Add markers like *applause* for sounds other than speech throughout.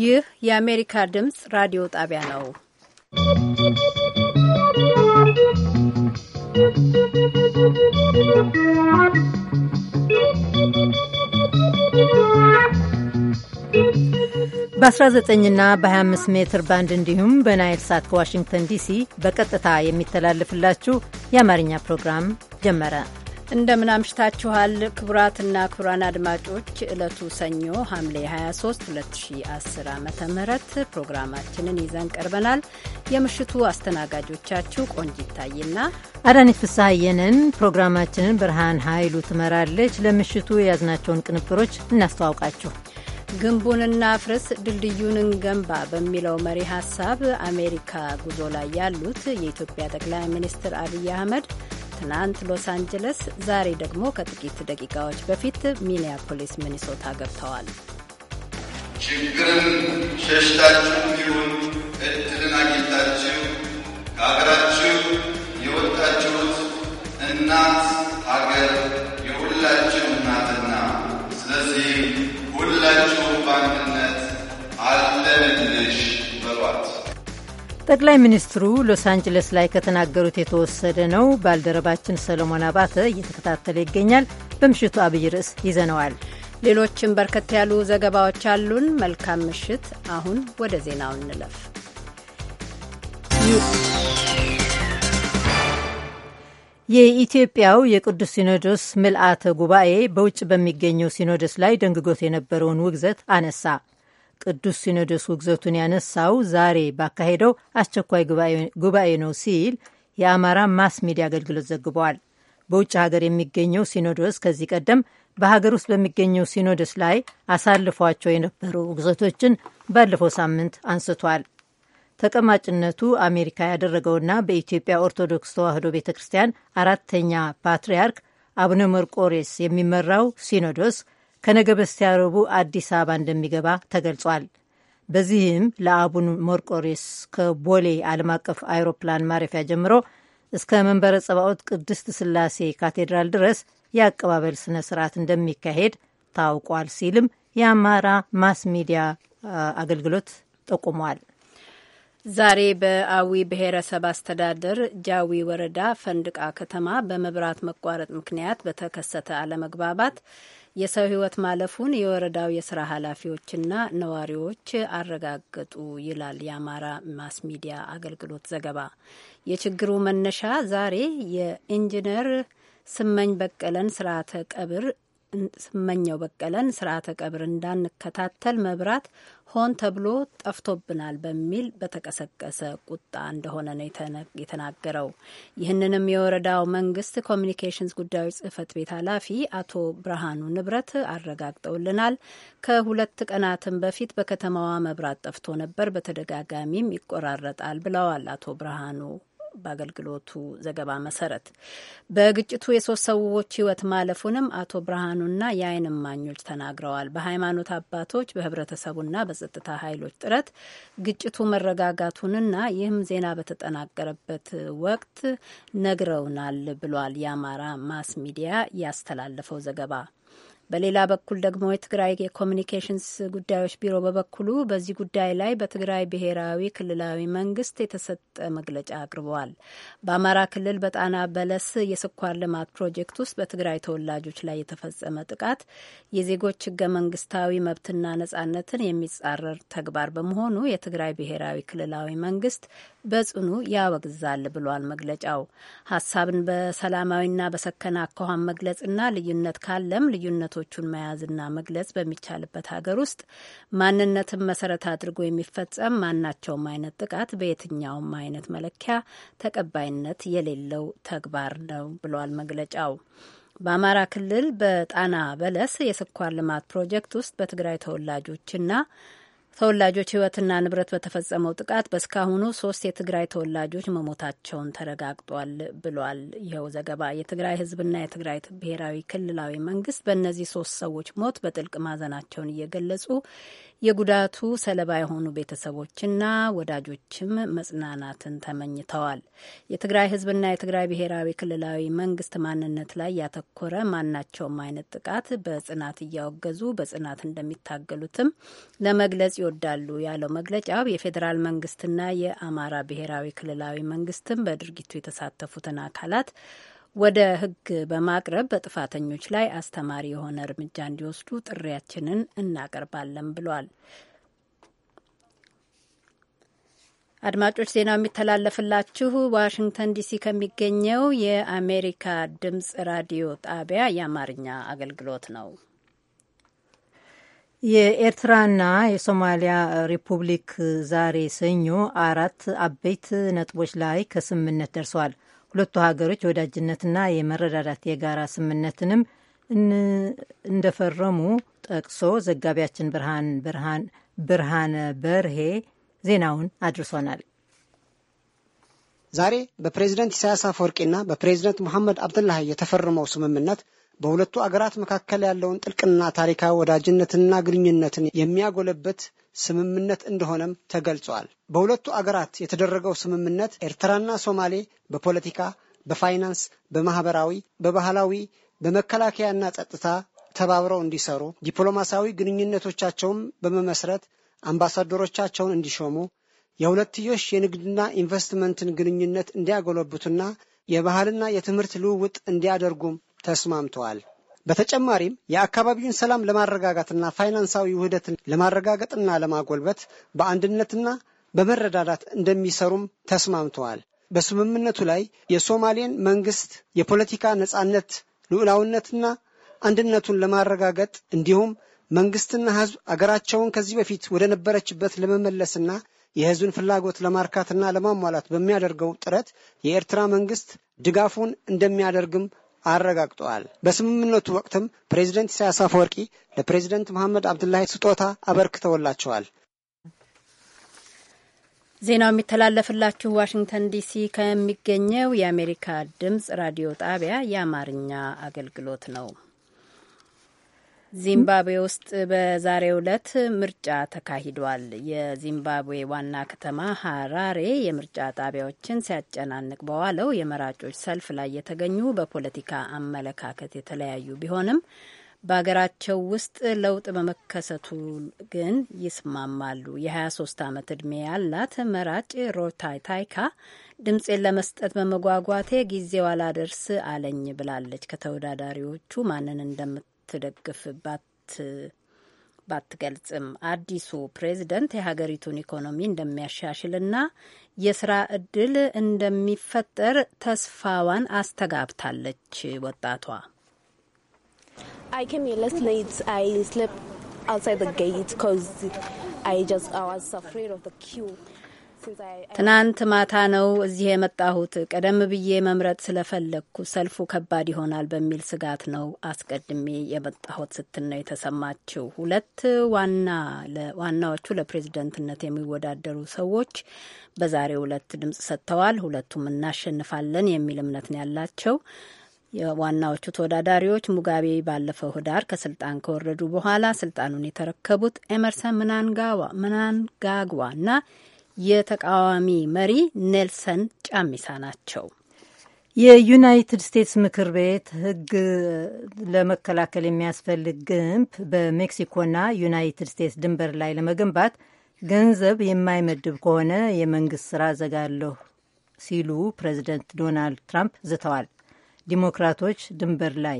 ይህ የአሜሪካ ድምፅ ራዲዮ ጣቢያ ነው። በ19ና በ25 ሜትር ባንድ እንዲሁም በናይል ሳት ከዋሽንግተን ዲሲ በቀጥታ የሚተላለፍላችሁ የአማርኛ ፕሮግራም ጀመረ። እንደምን አምሽታችኋል ክቡራትና ክቡራን አድማጮች ዕለቱ ሰኞ ሐምሌ 23 2010 ዓ ም ፕሮግራማችንን ይዘን ቀርበናል። የምሽቱ አስተናጋጆቻችሁ ቆንጅ ይታይና አዳነች ፍሳሐየንን ፕሮግራማችንን ብርሃን ኃይሉ ትመራለች። ለምሽቱ የያዝናቸውን ቅንብሮች እናስተዋውቃችሁ። ግንቡን እናፍርስ ድልድዩን እንገንባ በሚለው መሪ ሀሳብ አሜሪካ ጉዞ ላይ ያሉት የኢትዮጵያ ጠቅላይ ሚኒስትር አብይ አህመድ ትናንት ሎስ አንጀለስ፣ ዛሬ ደግሞ ከጥቂት ደቂቃዎች በፊት ሚኒያፖሊስ ሚኒሶታ ገብተዋል። ችግርን ሸሽታችሁ ቢሆን እድልን አግኝታችሁ ከሀገራችሁ የወጣችሁት እናት ሀገር የሁላችሁ እናትና ስለዚህ ሁላችሁ በአንድነት አለንልሽ በሏት። ጠቅላይ ሚኒስትሩ ሎስ አንጀለስ ላይ ከተናገሩት የተወሰደ ነው። ባልደረባችን ሰለሞን አባተ እየተከታተለ ይገኛል። በምሽቱ አብይ ርዕስ ይዘነዋል። ሌሎችም በርከት ያሉ ዘገባዎች አሉን። መልካም ምሽት። አሁን ወደ ዜናው እንለፍ። የኢትዮጵያው የቅዱስ ሲኖዶስ ምልአተ ጉባኤ በውጭ በሚገኘው ሲኖዶስ ላይ ደንግጎት የነበረውን ውግዘት አነሳ። ቅዱስ ሲኖዶስ ውግዘቱን ያነሳው ዛሬ ባካሄደው አስቸኳይ ጉባኤ ነው ሲል የአማራ ማስ ሚዲያ አገልግሎት ዘግበዋል። በውጭ ሀገር የሚገኘው ሲኖዶስ ከዚህ ቀደም በሀገር ውስጥ በሚገኘው ሲኖዶስ ላይ አሳልፏቸው የነበሩ ውግዘቶችን ባለፈው ሳምንት አንስቷል። ተቀማጭነቱ አሜሪካ ያደረገውና በኢትዮጵያ ኦርቶዶክስ ተዋሕዶ ቤተ ክርስቲያን አራተኛ ፓትርያርክ አቡነ መርቆሬስ የሚመራው ሲኖዶስ ከነገ በስቲያ ረቡዕ አዲስ አበባ እንደሚገባ ተገልጿል። በዚህም ለአቡን መርቆሬዎስ ከቦሌ ዓለም አቀፍ አውሮፕላን ማረፊያ ጀምሮ እስከ መንበረ ጸባኦት ቅድስት ስላሴ ካቴድራል ድረስ የአቀባበል ስነ ስርዓት እንደሚካሄድ ታውቋል ሲልም የአማራ ማስ ሚዲያ አገልግሎት ጠቁሟል። ዛሬ በአዊ ብሔረሰብ አስተዳደር ጃዊ ወረዳ ፈንድቃ ከተማ በመብራት መቋረጥ ምክንያት በተከሰተ አለመግባባት የሰው ሕይወት ማለፉን የወረዳው የስራ ኃላፊዎችና ነዋሪዎች አረጋገጡ ይላል የአማራ ማስ ሚዲያ አገልግሎት ዘገባ። የችግሩ መነሻ ዛሬ የኢንጂነር ስመኝ በቀለን ስርዓተ ቀብር ስመኘው በቀለን ስርዓተ ቀብር እንዳንከታተል መብራት ሆን ተብሎ ጠፍቶብናል በሚል በተቀሰቀሰ ቁጣ እንደሆነ ነው የተናገረው። ይህንንም የወረዳው መንግስት ኮሚኒኬሽንስ ጉዳዮች ጽህፈት ቤት ኃላፊ አቶ ብርሃኑ ንብረት አረጋግጠውልናል። ከሁለት ቀናትም በፊት በከተማዋ መብራት ጠፍቶ ነበር፣ በተደጋጋሚም ይቆራረጣል ብለዋል አቶ ብርሃኑ በአገልግሎቱ ዘገባ መሰረት በግጭቱ የሶስት ሰዎች ህይወት ማለፉንም አቶ ብርሃኑና የአይን እማኞች ተናግረዋል። በሃይማኖት አባቶች በህብረተሰቡና በጸጥታ ኃይሎች ጥረት ግጭቱ መረጋጋቱንና ይህም ዜና በተጠናቀረበት ወቅት ነግረውናል ብሏል። የአማራ ማስ ሚዲያ ያስተላለፈው ዘገባ በሌላ በኩል ደግሞ የትግራይ የኮሚኒኬሽንስ ጉዳዮች ቢሮ በበኩሉ በዚህ ጉዳይ ላይ በትግራይ ብሔራዊ ክልላዊ መንግስት የተሰጠ መግለጫ አቅርበዋል። በአማራ ክልል በጣና በለስ የስኳር ልማት ፕሮጀክት ውስጥ በትግራይ ተወላጆች ላይ የተፈጸመ ጥቃት የዜጎች ህገ መንግስታዊ መብትና ነጻነትን የሚጻረር ተግባር በመሆኑ የትግራይ ብሔራዊ ክልላዊ መንግስት በጽኑ ያወግዛል ብሏል መግለጫው። ሀሳብን በሰላማዊና በሰከነ አኳኋን መግለጽና ልዩነት ካለም ልዩነቶ ማንነቶቹን መያዝና መግለጽ በሚቻልበት ሀገር ውስጥ ማንነትን መሰረት አድርጎ የሚፈጸም ማናቸውም አይነት ጥቃት በየትኛውም አይነት መለኪያ ተቀባይነት የሌለው ተግባር ነው ብሏል መግለጫው። በአማራ ክልል በጣና በለስ የስኳር ልማት ፕሮጀክት ውስጥ በትግራይ ተወላጆችና ተወላጆች ህይወትና ንብረት በተፈጸመው ጥቃት በእስካሁኑ ሶስት የትግራይ ተወላጆች መሞታቸውን ተረጋግጧል ብሏል። ይኸው ዘገባ የትግራይ ህዝብና የትግራይ ብሔራዊ ክልላዊ መንግስት በእነዚህ ሶስት ሰዎች ሞት በጥልቅ ማዘናቸውን እየገለጹ የጉዳቱ ሰለባ የሆኑ ቤተሰቦችና ወዳጆችም መጽናናትን ተመኝተዋል። የትግራይ ህዝብና የትግራይ ብሔራዊ ክልላዊ መንግስት ማንነት ላይ ያተኮረ ማናቸውም አይነት ጥቃት በጽናት እያወገዙ በጽናት እንደሚታገሉትም ለመግለጽ ይወዳሉ ያለው መግለጫው የፌዴራል መንግስትና የአማራ ብሔራዊ ክልላዊ መንግስትም በድርጊቱ የተሳተፉትን አካላት ወደ ሕግ በማቅረብ በጥፋተኞች ላይ አስተማሪ የሆነ እርምጃ እንዲወስዱ ጥሪያችንን እናቀርባለን ብሏል። አድማጮች ዜናው የሚተላለፍላችሁ ዋሽንግተን ዲሲ ከሚገኘው የአሜሪካ ድምጽ ራዲዮ ጣቢያ የአማርኛ አገልግሎት ነው። የኤርትራና የሶማሊያ ሪፑብሊክ ዛሬ ሰኞ አራት አበይት ነጥቦች ላይ ከስምምነት ደርሰዋል። ሁለቱ ሀገሮች የወዳጅነትና የመረዳዳት የጋራ ስምምነትንም እንደፈረሙ ጠቅሶ ዘጋቢያችን ብርሃን ብርሃን ብርሃነ በርሄ ዜናውን አድርሶናል። ዛሬ በፕሬዝደንት ኢሳያስ አፈወርቂና በፕሬዝደንት መሐመድ አብደላህ የተፈረመው ስምምነት በሁለቱ አገራት መካከል ያለውን ጥልቅና ታሪካዊ ወዳጅነትና ግንኙነትን የሚያጎለበት ስምምነት እንደሆነም ተገልጿል። በሁለቱ አገራት የተደረገው ስምምነት ኤርትራና ሶማሌ በፖለቲካ፣ በፋይናንስ፣ በማህበራዊ፣ በባህላዊ፣ በመከላከያና ጸጥታ ተባብረው እንዲሰሩ ዲፕሎማሲያዊ ግንኙነቶቻቸውም በመመስረት አምባሳደሮቻቸውን እንዲሾሙ የሁለትዮሽ የንግድና ኢንቨስትመንትን ግንኙነት እንዲያጎለብቱና የባህልና የትምህርት ልውውጥ እንዲያደርጉም ተስማምተዋል። በተጨማሪም የአካባቢውን ሰላም ለማረጋጋትና ፋይናንሳዊ ውህደትን ለማረጋገጥና ለማጎልበት በአንድነትና በመረዳዳት እንደሚሰሩም ተስማምተዋል። በስምምነቱ ላይ የሶማሌን መንግስት የፖለቲካ ነጻነት ልዑላውነትና አንድነቱን ለማረጋገጥ እንዲሁም መንግስትና ህዝብ አገራቸውን ከዚህ በፊት ወደ ነበረችበት ለመመለስና የህዝብን ፍላጎት ለማርካትና ለማሟላት በሚያደርገው ጥረት የኤርትራ መንግስት ድጋፉን እንደሚያደርግም አረጋግጠዋል። በስምምነቱ ወቅትም ፕሬዚደንት ኢሳያስ አፈወርቂ ለፕሬዚደንት መሐመድ አብዱላሂ ስጦታ አበርክተውላቸዋል። ዜናው የሚተላለፍላችሁ ዋሽንግተን ዲሲ ከሚገኘው የአሜሪካ ድምጽ ራዲዮ ጣቢያ የአማርኛ አገልግሎት ነው። ዚምባብዌ ውስጥ በዛሬው ዕለት ምርጫ ተካሂዷል። የዚምባብዌ ዋና ከተማ ሀራሬ የምርጫ ጣቢያዎችን ሲያጨናንቅ በዋለው የመራጮች ሰልፍ ላይ የተገኙ በፖለቲካ አመለካከት የተለያዩ ቢሆንም በሀገራቸው ውስጥ ለውጥ በመከሰቱ ግን ይስማማሉ። የ23 ዓመት ዕድሜ ያላት መራጭ ሮታይ ታይካ ድምፄን ለመስጠት በመጓጓቴ ጊዜው አላደርስ አለኝ ብላለች። ከተወዳዳሪዎቹ ማንን እንደምት እንደምትደግፍ ባትገልጽም አዲሱ ፕሬዝደንት የሀገሪቱን ኢኮኖሚ እንደሚያሻሽልና የስራ እድል እንደሚፈጠር ተስፋዋን አስተጋብታለች። ወጣቷ ትናንት ማታ ነው እዚህ የመጣሁት። ቀደም ብዬ መምረጥ ስለፈለግኩ ሰልፉ ከባድ ይሆናል በሚል ስጋት ነው አስቀድሜ የመጣሁት ስትል ነው የተሰማችው። ሁለት ዋና ዋናዎቹ ለፕሬዝደንትነት የሚወዳደሩ ሰዎች በዛሬው ዕለት ድምጽ ሰጥተዋል። ሁለቱም እናሸንፋለን የሚል እምነት ነው ያላቸው። የዋናዎቹ ተወዳዳሪዎች ሙጋቤ ባለፈው ህዳር ከስልጣን ከወረዱ በኋላ ስልጣኑን የተረከቡት ኤመርሰን ምናንጋዋ ምናንጋግዋ እና የተቃዋሚ መሪ ኔልሰን ጫሚሳ ናቸው። የዩናይትድ ስቴትስ ምክር ቤት ሕግ ለመከላከል የሚያስፈልግ ግንብ በሜክሲኮና ዩናይትድ ስቴትስ ድንበር ላይ ለመገንባት ገንዘብ የማይመድብ ከሆነ የመንግስት ስራ ዘጋለሁ ሲሉ ፕሬዚደንት ዶናልድ ትራምፕ ዝተዋል። ዲሞክራቶች ድንበር ላይ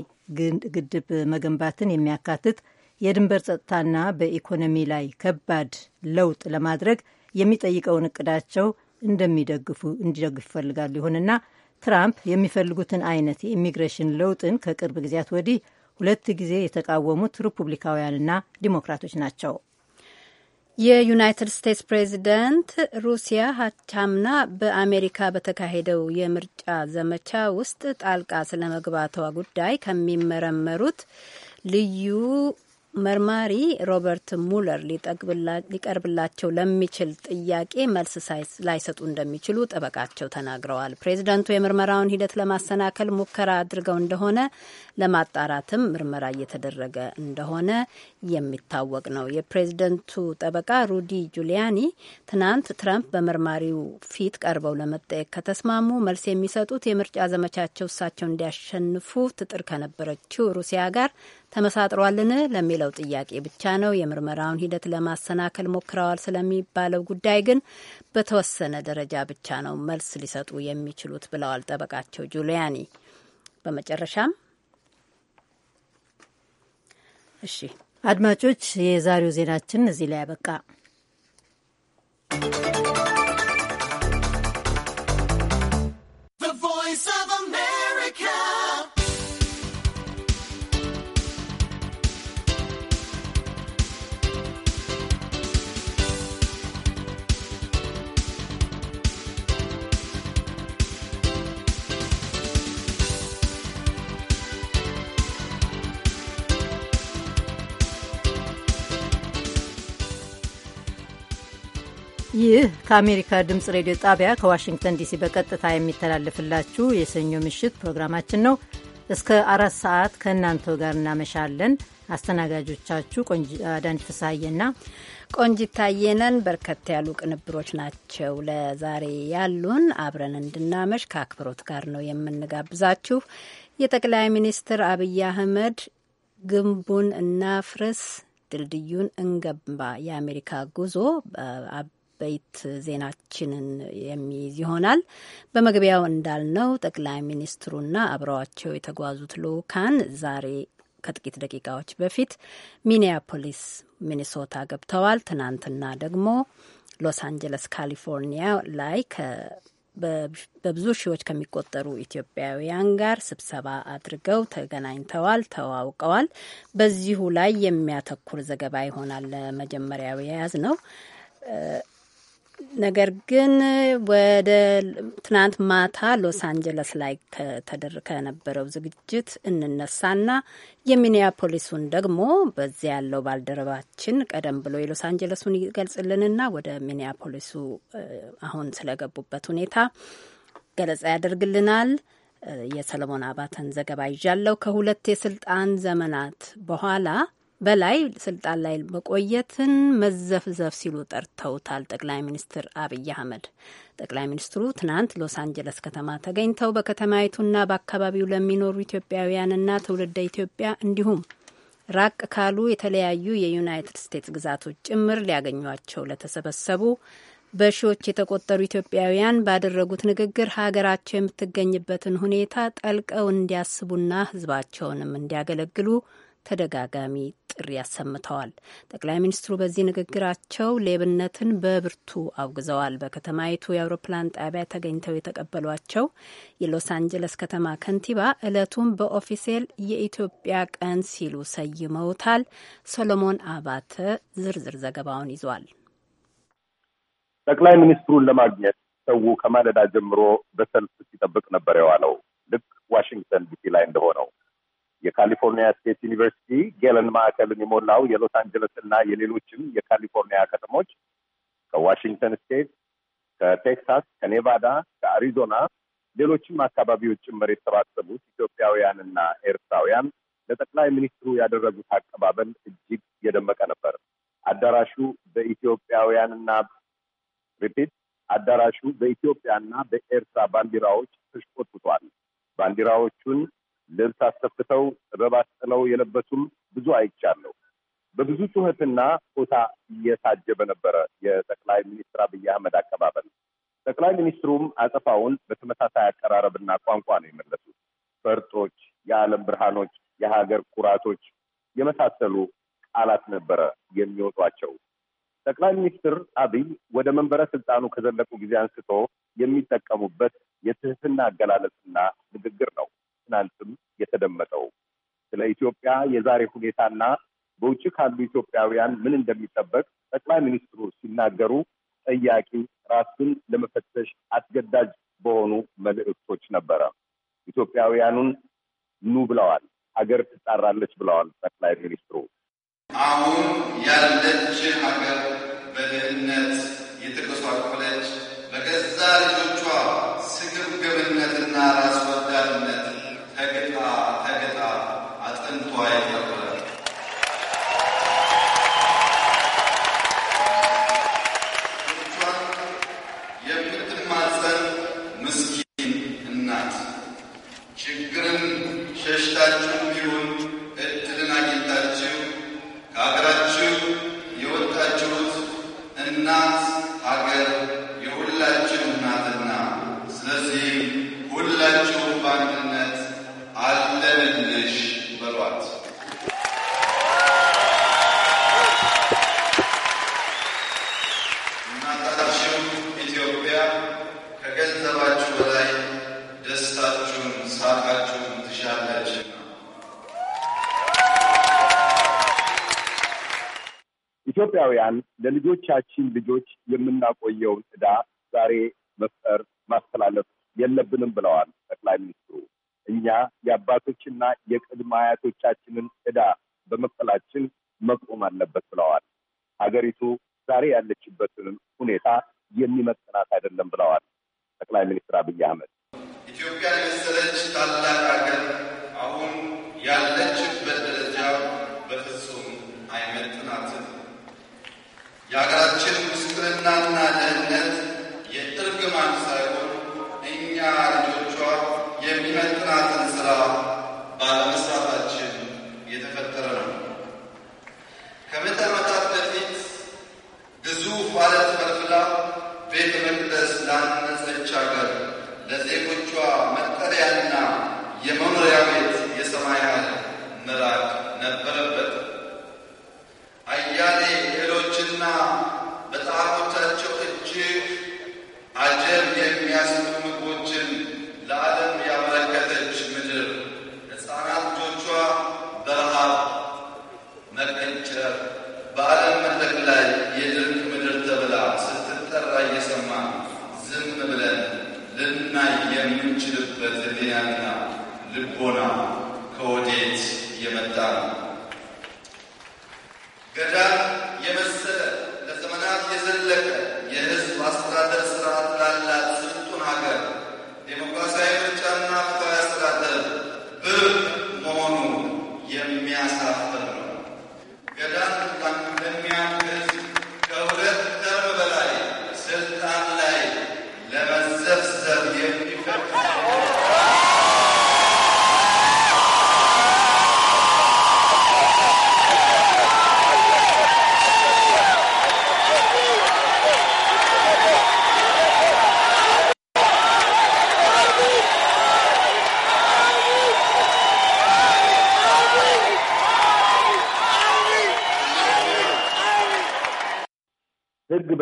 ግድብ መገንባትን የሚያካትት የድንበር ጸጥታና በኢኮኖሚ ላይ ከባድ ለውጥ ለማድረግ የሚጠይቀውን እቅዳቸው እንደሚደግፉ እንዲደግፍ ይፈልጋሉ። ይሁንና ትራምፕ የሚፈልጉትን አይነት የኢሚግሬሽን ለውጥን ከቅርብ ጊዜያት ወዲህ ሁለት ጊዜ የተቃወሙት ሪፑብሊካውያንና ዲሞክራቶች ናቸው። የዩናይትድ ስቴትስ ፕሬዚደንት ሩሲያ ሀቻምና በአሜሪካ በተካሄደው የምርጫ ዘመቻ ውስጥ ጣልቃ ስለመግባቷ ጉዳይ ከሚመረመሩት ልዩ መርማሪ ሮበርት ሙለር ሊቀርብላቸው ለሚችል ጥያቄ መልስ ላይሰጡ እንደሚችሉ ጠበቃቸው ተናግረዋል። ፕሬዚዳንቱ የምርመራውን ሂደት ለማሰናከል ሙከራ አድርገው እንደሆነ ለማጣራትም ምርመራ እየተደረገ እንደሆነ የሚታወቅ ነው። የፕሬዚደንቱ ጠበቃ ሩዲ ጁሊያኒ ትናንት ትራምፕ በመርማሪው ፊት ቀርበው ለመጠየቅ ከተስማሙ መልስ የሚሰጡት የምርጫ ዘመቻቸው እሳቸው እንዲያሸንፉ ትጥር ከነበረችው ሩሲያ ጋር ተመሳጥሯልን ለሚለው ጥያቄ ብቻ ነው። የምርመራውን ሂደት ለማሰናከል ሞክረዋል ስለሚባለው ጉዳይ ግን በተወሰነ ደረጃ ብቻ ነው መልስ ሊሰጡ የሚችሉት ብለዋል ጠበቃቸው ጁሊያኒ። በመጨረሻም እሺ አድማጮች፣ የዛሬው ዜናችን እዚህ ላይ ያበቃ። ይህ ከአሜሪካ ድምፅ ሬዲዮ ጣቢያ ከዋሽንግተን ዲሲ በቀጥታ የሚተላለፍላችሁ የሰኞ ምሽት ፕሮግራማችን ነው። እስከ አራት ሰዓት ከእናንተው ጋር እናመሻለን። አስተናጋጆቻችሁ አዳንጅ ፍስሐዬና ቆንጂት ታየ በርከት ያሉ ቅንብሮች ናቸው ለዛሬ ያሉን። አብረን እንድናመሽ ከአክብሮት ጋር ነው የምንጋብዛችሁ። የጠቅላይ ሚኒስትር አብይ አህመድ ግንቡን እናፍርስ ድልድዩን እንገንባ የአሜሪካ ጉዞ አበይት ዜናችንን የሚይዝ ይሆናል። በመግቢያው እንዳልነው ጠቅላይ ሚኒስትሩና አብረዋቸው የተጓዙት ልኡካን ዛሬ ከጥቂት ደቂቃዎች በፊት ሚኒያፖሊስ ሚኒሶታ ገብተዋል። ትናንትና ደግሞ ሎስ አንጀለስ ካሊፎርኒያ ላይ በብዙ ሺዎች ከሚቆጠሩ ኢትዮጵያውያን ጋር ስብሰባ አድርገው ተገናኝተዋል፣ ተዋውቀዋል። በዚሁ ላይ የሚያተኩር ዘገባ ይሆናል ለመጀመሪያው የያዝ ነው። ነገር ግን ወደ ትናንት ማታ ሎስ አንጀለስ ላይ ከነበረው ዝግጅት እንነሳና የሚኒያፖሊሱን ደግሞ በዚያ ያለው ባልደረባችን ቀደም ብሎ የሎስ አንጀለሱን ይገልጽልንና ወደ ሚኒያፖሊሱ አሁን ስለገቡበት ሁኔታ ገለጻ ያደርግልናል። የሰለሞን አባተን ዘገባ ይዣለሁ። ከሁለት የስልጣን ዘመናት በኋላ በላይ ስልጣን ላይ መቆየትን መዘፍዘፍ ሲሉ ጠርተውታል ጠቅላይ ሚኒስትር አብይ አህመድ። ጠቅላይ ሚኒስትሩ ትናንት ሎስ አንጀለስ ከተማ ተገኝተው በከተማይቱና በአካባቢው ለሚኖሩ ኢትዮጵያውያንና ትውልደ ኢትዮጵያ እንዲሁም ራቅ ካሉ የተለያዩ የዩናይትድ ስቴትስ ግዛቶች ጭምር ሊያገኟቸው ለተሰበሰቡ በሺዎች የተቆጠሩ ኢትዮጵያውያን ባደረጉት ንግግር ሀገራቸው የምትገኝበትን ሁኔታ ጠልቀው እንዲያስቡና ሕዝባቸውንም እንዲያገለግሉ ተደጋጋሚ ጥሪ አሰምተዋል። ጠቅላይ ሚኒስትሩ በዚህ ንግግራቸው ሌብነትን በብርቱ አውግዘዋል። በከተማይቱ የአውሮፕላን ጣቢያ ተገኝተው የተቀበሏቸው የሎስ አንጀለስ ከተማ ከንቲባ እለቱን በኦፊሴል የኢትዮጵያ ቀን ሲሉ ሰይመውታል። ሰሎሞን አባተ ዝርዝር ዘገባውን ይዟል። ጠቅላይ ሚኒስትሩን ለማግኘት ሰው ከማለዳ ጀምሮ በሰልፍ ሲጠብቅ ነበር የዋለው ልክ ዋሽንግተን ዲሲ ላይ እንደሆነው የካሊፎርኒያ ስቴት ዩኒቨርሲቲ ጌለን ማዕከልን የሞላው የሎስ አንጀለስ እና የሌሎችም የካሊፎርኒያ ከተሞች ከዋሽንግተን ስቴት፣ ከቴክሳስ፣ ከኔቫዳ፣ ከአሪዞና ሌሎችም አካባቢዎች ጭምር የተሰባሰቡት ኢትዮጵያውያንና ኤርትራውያን ለጠቅላይ ሚኒስትሩ ያደረጉት አቀባበል እጅግ የደመቀ ነበር። አዳራሹ በኢትዮጵያውያንና ሪፒት አዳራሹ በኢትዮጵያና በኤርትራ ባንዲራዎች ተሽቆጥቷል። ባንዲራዎቹን ልብስ አሰፍተው ጥበብ አስጥለው የለበሱም ብዙ አይቻለሁ። በብዙ ጩኸትና ሆታ እየታጀበ ነበረ የጠቅላይ ሚኒስትር አብይ አህመድ አቀባበል። ጠቅላይ ሚኒስትሩም አጸፋውን በተመሳሳይ አቀራረብና ቋንቋ ነው የመለሱት። ፈርጦች፣ የዓለም ብርሃኖች፣ የሀገር ኩራቶች የመሳሰሉ ቃላት ነበረ የሚወጧቸው። ጠቅላይ ሚኒስትር አብይ ወደ መንበረ ስልጣኑ ከዘለቁ ጊዜ አንስቶ የሚጠቀሙበት የትህትና አገላለጽና ንግግር ነው። ትናንትም የተደመጠው ስለ ኢትዮጵያ የዛሬ ሁኔታና በውጭ ካሉ ኢትዮጵያውያን ምን እንደሚጠበቅ ጠቅላይ ሚኒስትሩ ሲናገሩ ጠያቂ ራሱን ለመፈተሽ አስገዳጅ በሆኑ መልእክቶች ነበረ። ኢትዮጵያውያኑን ኑ ብለዋል። ሀገር ትጣራለች ብለዋል ጠቅላይ ሚኒስትሩ። አሁን ያለች ሀገር በድህነት የተጎሳቆለች በገዛ ልጆቿ ስግብግብነትና ራስ ኢትዮጵያውያን ለልጆቻችን ልጆች የምናቆየውን ዕዳ ዛሬ መፍጠር ማስተላለፍ የለብንም ብለዋል ጠቅላይ ሚኒስትሩ። እኛ የአባቶችና የቅድመ አያቶቻችንን ዕዳ በመክፈላችን መቆም አለበት ብለዋል። ሀገሪቱ ዛሬ ያለችበትን ሁኔታ የሚመጥናት አይደለም ብለዋል ጠቅላይ ሚኒስትር አብይ አህመድ ኢትዮጵያ የመሰለች ታላቅ ሀገር አሁን ያለች የሀገራችን ምስቅልናና ደህንነት የእርግማን ሳይሆን እኛ ልጆቿ የሚመጥናትን ስራ ባለመስራታችን የተፈጠረ ነው። ከምዕተ ዓመታት በፊት ግዙፍ አለት ፈልፍላ ቤተ መቅደስ ላነጸች ሀገር ለዜጎቿ መጠሪያና የመኖሪያ ቤት የሰማይ ኃይል ምራቅ ነበረበት አያሌ በጽሑፎችና መጽሐፎቻቸው እጅግ አጀብ የሚያስቡ ምግቦችን ለዓለም ያበረከተች ምድር ሕፃናት ልጆቿ በረሃብ መቀንጨር፣ በዓለም መድረክ ላይ የድርቅ ምድር ተብላ ስትጠራ እየሰማን ዝም ብለን ልናይ የምንችልበት ሕሊናና ልቦና ከወዴት የመጣ ነው? ገዳም የመስ ዘመናት የዘለቀ የህዝብ አስተዳደር ስርዓት ላላት ስልጡን ሀገር ዴሞክራሲያዊ ምርጫና ፍትሐዊ አስተዳደር ብር መሆኑ የሚያሳፍር ነው። ገዳን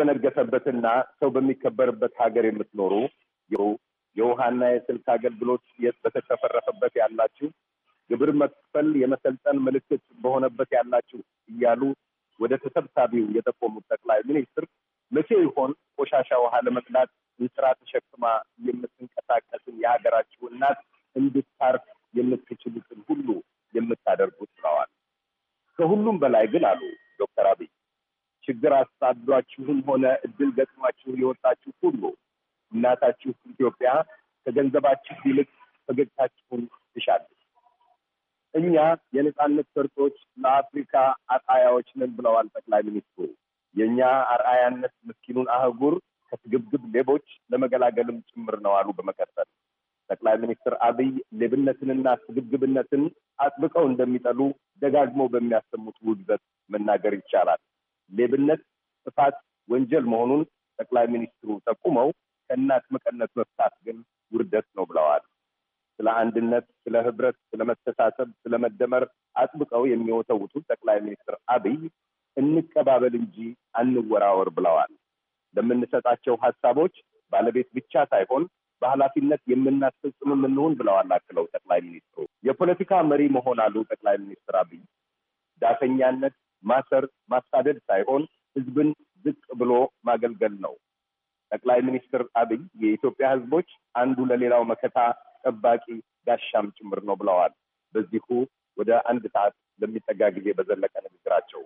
በነገሰበትና ሰው በሚከበርበት ሀገር የምትኖሩ የውሃና የስልክ አገልግሎት በተሸፈረፈበት ያላችሁ ግብር መክፈል የመሰልጠን ምልክት በሆነበት ያላችሁ እያሉ ወደ ተሰብሳቢው የጠቆሙት ጠቅላይ ሚኒስትር መቼ ይሆን ቆሻሻ ውሃ ለመቅዳት እንስራ ተሸክማ የምትንቀሳቀስን የሀገራችሁ እናት እንድታርፍ የምትችሉትን ሁሉ የምታደርጉት ብለዋል። ከሁሉም በላይ ግን አሉ ዶክተር አብይ ችግር አሳድሯችሁም ሆነ እድል ገጥሟችሁ የወጣችሁ ሁሉ እናታችሁ ኢትዮጵያ ከገንዘባችሁ ይልቅ ፈገግታችሁን ትሻለች። እኛ የነፃነት ፈርጦች ለአፍሪካ አርአያዎች ነን ብለዋል ጠቅላይ ሚኒስትሩ። የእኛ አርአያነት ምስኪኑን አህጉር ከትግብግብ ሌቦች ለመገላገልም ጭምር ነው አሉ። በመቀጠል ጠቅላይ ሚኒስትር አብይ ሌብነትንና ስግብግብነትን አጥብቀው እንደሚጠሉ ደጋግመው በሚያሰሙት ውግዘት መናገር ይቻላል። ሌብነት፣ ጥፋት ወንጀል መሆኑን ጠቅላይ ሚኒስትሩ ጠቁመው ከእናት መቀነት መፍታት ግን ውርደት ነው ብለዋል። ስለ አንድነት፣ ስለ ህብረት፣ ስለ መተሳሰብ፣ ስለ መደመር አጥብቀው የሚወተውቱ ጠቅላይ ሚኒስትር አብይ እንቀባበል እንጂ አንወራወር ብለዋል። ለምንሰጣቸው ሀሳቦች ባለቤት ብቻ ሳይሆን በኃላፊነት የምናስፈጽም የምንሆን ብለዋል። አክለው ጠቅላይ ሚኒስትሩ የፖለቲካ መሪ መሆን አሉ ጠቅላይ ሚኒስትር አብይ ዳተኛነት፣ ማሰር፣ ማሳደድ ሳይሆን ህዝብን ዝቅ ብሎ ማገልገል ነው። ጠቅላይ ሚኒስትር አብይ የኢትዮጵያ ህዝቦች አንዱ ለሌላው መከታ ጠባቂ ጋሻም ጭምር ነው ብለዋል። በዚሁ ወደ አንድ ሰዓት ለሚጠጋ ጊዜ በዘለቀ ንግግራቸው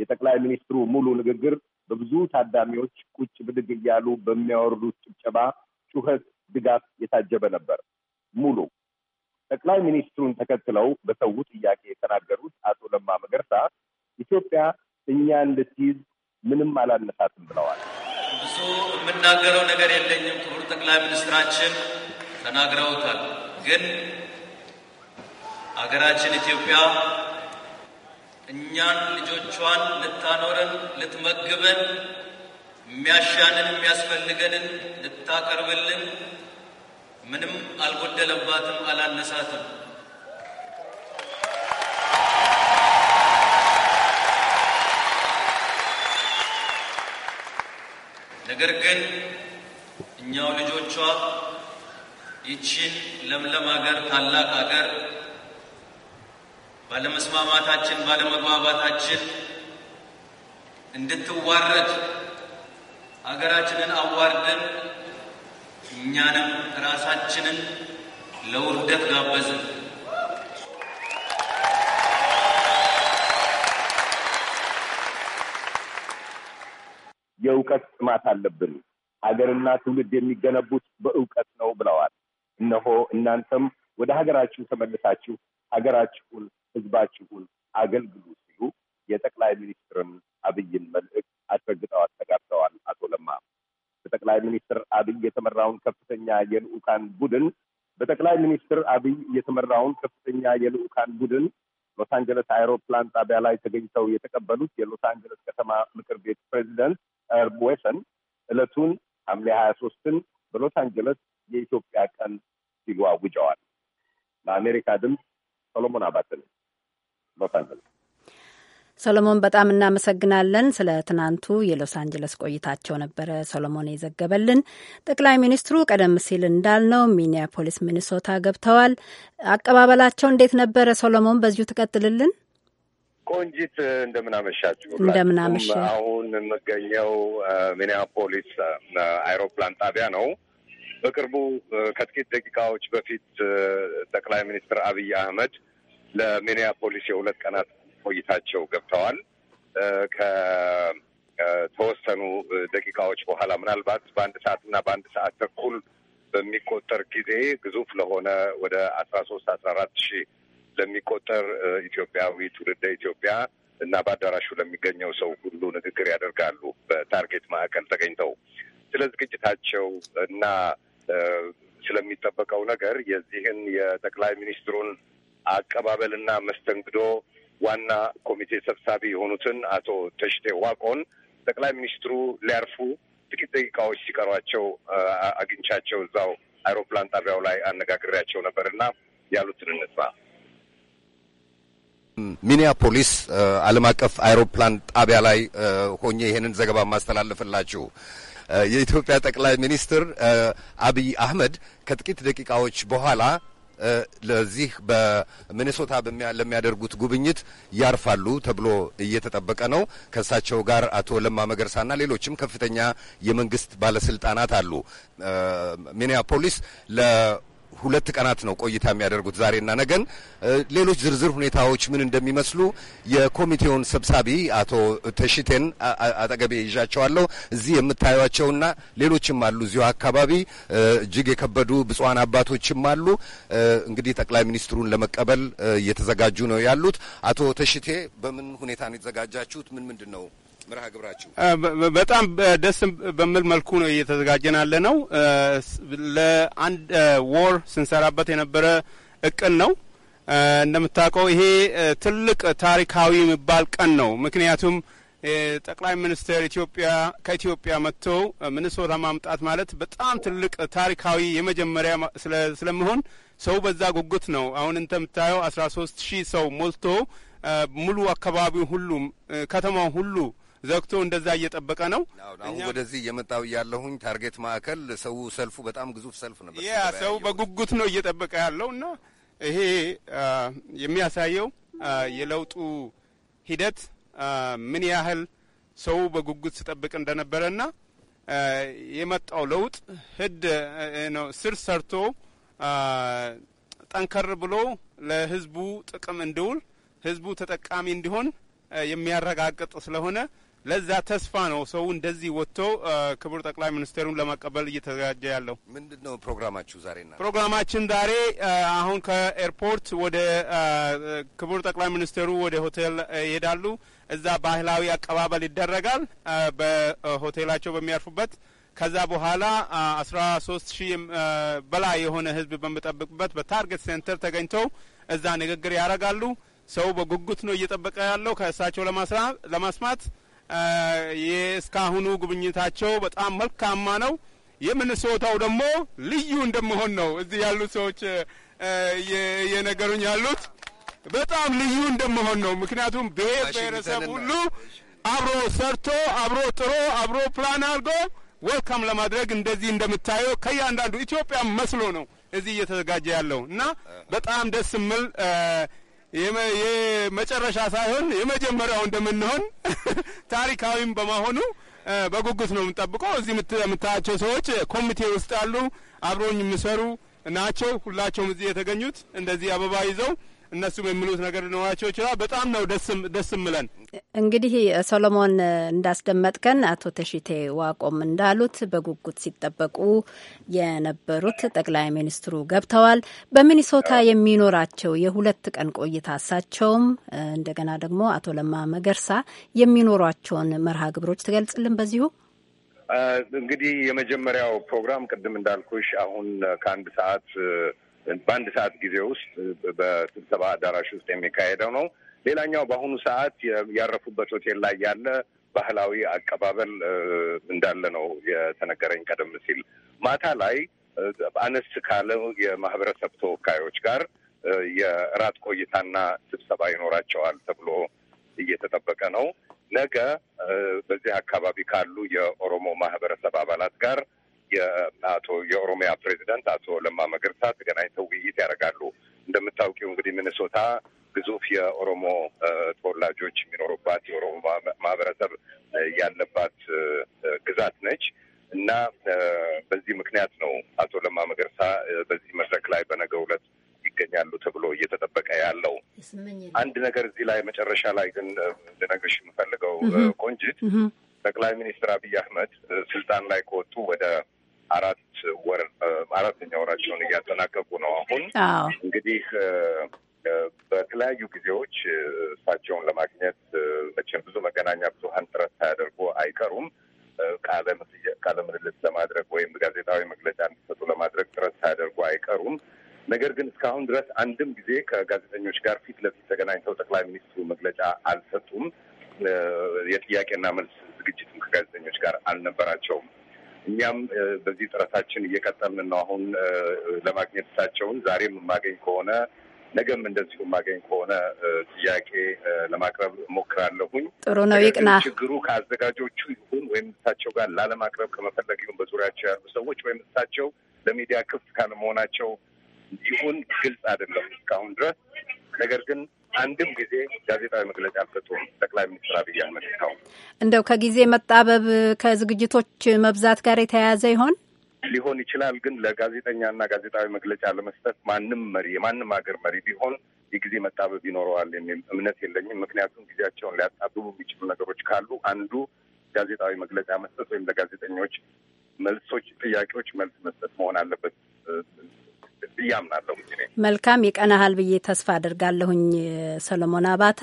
የጠቅላይ ሚኒስትሩ ሙሉ ንግግር በብዙ ታዳሚዎች ቁጭ ብድግ እያሉ በሚያወርዱት ጭብጨባ፣ ጩኸት፣ ድጋፍ የታጀበ ነበር። ሙሉ ጠቅላይ ሚኒስትሩን ተከትለው በሰው ጥያቄ የተናገሩት አቶ ለማ መገርሳ ኢትዮጵያ እኛ እንድትይዝ ምንም አላነሳትም ብለዋል። ብዙ የምናገረው ነገር የለኝም። ክቡር ጠቅላይ ሚኒስትራችን ተናግረውታል። ግን አገራችን ኢትዮጵያ እኛን ልጆቿን ልታኖረን ልትመግበን የሚያሻንን የሚያስፈልገንን ልታቀርብልን ምንም አልጎደለባትም፣ አላነሳትም። ነገር ግን እኛው ልጆቿ ይቺን ለምለም ሀገር፣ ታላቅ ሀገር ባለመስማማታችን፣ ባለመግባባታችን እንድትዋረድ ሀገራችንን አዋርደን እኛንም ራሳችንን ለውርደት ጋበዝን። ጥማት አለብን። ሀገርና ትውልድ የሚገነቡት በእውቀት ነው ብለዋል። እነሆ እናንተም ወደ ሀገራችሁ ተመልሳችሁ ሀገራችሁን፣ ህዝባችሁን አገልግሉ ሲሉ የጠቅላይ ሚኒስትርን አብይን መልእክት አስረግጠው አስተጋብተዋል። አቶ ለማ በጠቅላይ ሚኒስትር አብይ የተመራውን ከፍተኛ የልዑካን ቡድን በጠቅላይ ሚኒስትር አብይ የተመራውን ከፍተኛ የልዑካን ቡድን ሎስ አንጀለስ አይሮፕላን ጣቢያ ላይ ተገኝተው የተቀበሉት የሎስ አንጀለስ ከተማ ምክር ቤት ፕሬዚደንት ኤርብ ወሰን እለቱን ሐምሌ ሀያ ሶስትን በሎስ አንጀለስ የኢትዮጵያ ቀን ሲሉ አውጀዋል። ለአሜሪካ ድምፅ ሰሎሞን አባተ ሎስ አንጀለስ ሰሎሞን በጣም እናመሰግናለን። ስለ ትናንቱ የሎስ አንጀለስ ቆይታቸው ነበረ ሰሎሞን የዘገበልን። ጠቅላይ ሚኒስትሩ ቀደም ሲል እንዳልነው ሚኒያፖሊስ ሚኒሶታ ገብተዋል። አቀባበላቸው እንዴት ነበረ? ሰሎሞን በዚሁ ትቀጥልልን። ቆንጂት እንደምናመሻችሁ። እንደምናመሻ አሁን የምገኘው ሚኒያፖሊስ አይሮፕላን ጣቢያ ነው። በቅርቡ ከጥቂት ደቂቃዎች በፊት ጠቅላይ ሚኒስትር አብይ አህመድ ለሚኒያፖሊስ የሁለት ቀናት ቆይታቸው ገብተዋል። ከተወሰኑ ደቂቃዎች በኋላ ምናልባት በአንድ ሰዓት እና በአንድ ሰዓት ተኩል በሚቆጠር ጊዜ ግዙፍ ለሆነ ወደ አስራ ሶስት አስራ አራት ሺህ ለሚቆጠር ኢትዮጵያዊ ትውልደ ኢትዮጵያ እና በአዳራሹ ለሚገኘው ሰው ሁሉ ንግግር ያደርጋሉ በታርጌት ማዕከል ተገኝተው ስለ ዝግጅታቸው እና ስለሚጠበቀው ነገር የዚህን የጠቅላይ ሚኒስትሩን አቀባበልና መስተንግዶ ዋና ኮሚቴ ሰብሳቢ የሆኑትን አቶ ተሽቴ ዋቆን ጠቅላይ ሚኒስትሩ ሊያርፉ ጥቂት ደቂቃዎች ሲቀሯቸው አግኝቻቸው እዛው አይሮፕላን ጣቢያው ላይ አነጋግሬያቸው ነበር እና ያሉትን እንስማ። ሚኒያፖሊስ ዓለም አቀፍ አይሮፕላን ጣቢያ ላይ ሆኜ ይሄንን ዘገባ ማስተላለፍላችሁ የኢትዮጵያ ጠቅላይ ሚኒስትር አብይ አህመድ ከጥቂት ደቂቃዎች በኋላ ለዚህ በሚኒሶታ ለሚያደርጉት ጉብኝት ያርፋሉ ተብሎ እየተጠበቀ ነው። ከእሳቸው ጋር አቶ ለማ መገርሳና ሌሎችም ከፍተኛ የመንግስት ባለስልጣናት አሉ። ሚኒያፖሊስ ሁለት ቀናት ነው ቆይታ የሚያደርጉት ዛሬና ነገን። ሌሎች ዝርዝር ሁኔታዎች ምን እንደሚመስሉ የኮሚቴውን ሰብሳቢ አቶ ተሽቴን አጠገቤ ይዣቸዋለሁ። እዚህ የምታዩቸውና ሌሎችም አሉ እዚሁ አካባቢ እጅግ የከበዱ ብፁዓን አባቶችም አሉ። እንግዲህ ጠቅላይ ሚኒስትሩን ለመቀበል እየተዘጋጁ ነው ያሉት። አቶ ተሽቴ በምን ሁኔታ ነው የተዘጋጃችሁት? ምን ምንድን ነው መርሃ ግብራችሁ በጣም ደስ በሚል መልኩ ነው እየተዘጋጀን ያለ ነው። ለአንድ ወር ስንሰራበት የነበረ እቅድ ነው። እንደምታውቀው ይሄ ትልቅ ታሪካዊ የሚባል ቀን ነው። ምክንያቱም ጠቅላይ ሚኒስትር ኢትዮጵያ ከኢትዮጵያ መጥተው ሚኒሶታ ማምጣት ማለት በጣም ትልቅ ታሪካዊ የመጀመሪያ ስለሚሆን ሰው በዛ ጉጉት ነው። አሁን እንደምታየው አስራ ሶስት ሺህ ሰው ሞልቶ ሙሉ አካባቢው ሁሉ ከተማው ሁሉ ዘግቶ እንደዛ እየጠበቀ ነው። አሁን ወደዚህ እየመጣው እያለሁኝ ታርጌት ማዕከል ሰው ሰልፉ በጣም ግዙፍ ሰልፍ ነበር። ያ ሰው በጉጉት ነው እየጠበቀ ያለው እና ይሄ የሚያሳየው የለውጡ ሂደት ምን ያህል ሰው በጉጉት ሲጠብቅ እንደነበረና የመጣው ለውጥ ህድ ነው ስር ሰርቶ ጠንከር ብሎ ለህዝቡ ጥቅም እንዲውል ህዝቡ ተጠቃሚ እንዲሆን የሚያረጋግጥ ስለሆነ ለዛ ተስፋ ነው ሰው እንደዚህ ወጥቶ ክቡር ጠቅላይ ሚኒስትሩን ለመቀበል እየተዘጋጀ ያለው። ምንድን ነው ፕሮግራማችሁ ዛሬ? ና ፕሮግራማችን ዛሬ አሁን ከኤርፖርት ወደ ክቡር ጠቅላይ ሚኒስትሩ ወደ ሆቴል ይሄዳሉ። እዛ ባህላዊ አቀባበል ይደረጋል በሆቴላቸው በሚያርፉበት ከዛ በኋላ አስራ ሶስት ሺህ በላይ የሆነ ህዝብ በምጠብቅበት በታርጌት ሴንተር ተገኝተው እዛ ንግግር ያደርጋሉ። ሰው በጉጉት ነው እየጠበቀ ያለው ከእሳቸው ለማስማት የእስካሁኑ ጉብኝታቸው በጣም መልካማ ነው። የምንሶታው ደግሞ ልዩ እንደመሆን ነው እዚህ ያሉት ሰዎች የነገሩኝ ያሉት በጣም ልዩ እንደመሆን ነው። ምክንያቱም ብሔር ብሔረሰብ ሁሉ አብሮ ሰርቶ አብሮ ጥሮ አብሮ ፕላን አድርጎ ወልካም ለማድረግ እንደዚህ እንደምታየው ከእያንዳንዱ ኢትዮጵያ መስሎ ነው እዚህ እየተዘጋጀ ያለው እና በጣም ደስ የሚል የመጨረሻ ሳይሆን የመጀመሪያው እንደምንሆን *laughs* ታሪካዊም በመሆኑ በጉጉት ነው የምንጠብቀው። እዚህ የምታያቸው ሰዎች ኮሚቴ ውስጥ ያሉ አብሮኝ የሚሰሩ ናቸው። ሁላቸውም እዚህ የተገኙት እንደዚህ አበባ ይዘው እነሱም የሚሉት ነገር ሊኖራቸው ይችላል። በጣም ነው ደስ ምለን። እንግዲህ ሶሎሞን እንዳስደመጥከን፣ አቶ ተሽቴ ዋቆም እንዳሉት በጉጉት ሲጠበቁ የነበሩት ጠቅላይ ሚኒስትሩ ገብተዋል። በሚኒሶታ የሚኖራቸው የሁለት ቀን ቆይታ እሳቸውም እንደገና ደግሞ አቶ ለማ መገርሳ የሚኖሯቸውን መርሃ ግብሮች ትገልጽልን በዚሁ እንግዲህ የመጀመሪያው ፕሮግራም ቅድም እንዳልኩሽ አሁን ከአንድ ሰዓት በአንድ ሰዓት ጊዜ ውስጥ በስብሰባ አዳራሽ ውስጥ የሚካሄደው ነው። ሌላኛው በአሁኑ ሰዓት ያረፉበት ሆቴል ላይ ያለ ባህላዊ አቀባበል እንዳለ ነው የተነገረኝ። ቀደም ሲል ማታ ላይ አነስ ካለ የማህበረሰብ ተወካዮች ጋር የእራት ቆይታና ስብሰባ ይኖራቸዋል ተብሎ እየተጠበቀ ነው። ነገ በዚህ አካባቢ ካሉ የኦሮሞ ማህበረሰብ አባላት ጋር የአቶ የኦሮሚያ ፕሬዚደንት አቶ ለማ መገርሳ ተገናኝተው ውይይት ያደርጋሉ። እንደምታውቂው እንግዲህ ሚኒሶታ ግዙፍ የኦሮሞ ተወላጆች የሚኖሩባት የኦሮሞ ማህበረሰብ ያለባት ግዛት ነች እና በዚህ ምክንያት ነው አቶ ለማ መገርሳ በዚህ መድረክ ላይ በነገው ዕለት ይገኛሉ ተብሎ እየተጠበቀ ያለው። አንድ ነገር እዚህ ላይ መጨረሻ ላይ ግን ልነግርሽ የምፈልገው ቆንጅት፣ ጠቅላይ ሚኒስትር አብይ አህመድ ስልጣን ላይ ከወጡ ወደ አራት ወር አራተኛ ወራቸውን እያጠናቀቁ ነው። አሁን እንግዲህ በተለያዩ ጊዜዎች እሳቸውን ለማግኘት መቼም ብዙ መገናኛ ብዙኃን ጥረት ሳያደርጉ አይቀሩም። ቃለ ምልልስ ለማድረግ ወይም ጋዜጣዊ መግለጫ እንዲሰጡ ለማድረግ ጥረት ሳያደርጉ አይቀሩም። ነገር ግን እስካሁን ድረስ አንድም ጊዜ ከጋዜጠኞች ጋር ፊት ለፊት ተገናኝተው ጠቅላይ ሚኒስትሩ መግለጫ አልሰጡም። የጥያቄና መልስ ዝግጅትም ከጋዜጠኞች ጋር አልነበራቸውም። እኛም በዚህ ጥረታችን እየቀጠልን ነው። አሁን ለማግኘት እሳቸውን ዛሬም የማገኝ ከሆነ ነገም እንደዚሁ የማገኝ ከሆነ ጥያቄ ለማቅረብ ሞክራለሁኝ። ጥሩ ነው ይቅና። ችግሩ ከአዘጋጆቹ ይሁን ወይም እሳቸው ጋር ላለማቅረብ ከመፈለግ ይሁን በዙሪያቸው ያሉ ሰዎች ወይም እሳቸው ለሚዲያ ክፍት ካለመሆናቸው ይሁን ግልጽ አይደለም እስካሁን ድረስ ነገር ግን አንድም ጊዜ ጋዜጣዊ መግለጫ አልሰጡም ጠቅላይ ሚኒስትር አብይ አህመድ እስካሁን። እንደው ከጊዜ መጣበብ ከዝግጅቶች መብዛት ጋር የተያያዘ ይሆን ሊሆን ይችላል። ግን ለጋዜጠኛና ጋዜጣዊ መግለጫ ለመስጠት ማንም መሪ የማንም ሀገር መሪ ቢሆን የጊዜ መጣበብ ይኖረዋል የሚል እምነት የለኝም። ምክንያቱም ጊዜያቸውን ሊያጣብቡ የሚችሉ ነገሮች ካሉ አንዱ ጋዜጣዊ መግለጫ መስጠት ወይም ለጋዜጠኞች መልሶች፣ ጥያቄዎች መልስ መስጠት መሆን አለበት ብዬ መልካም የቀን ያህል ብዬ ተስፋ አድርጋለሁኝ። ሰለሞን አባተ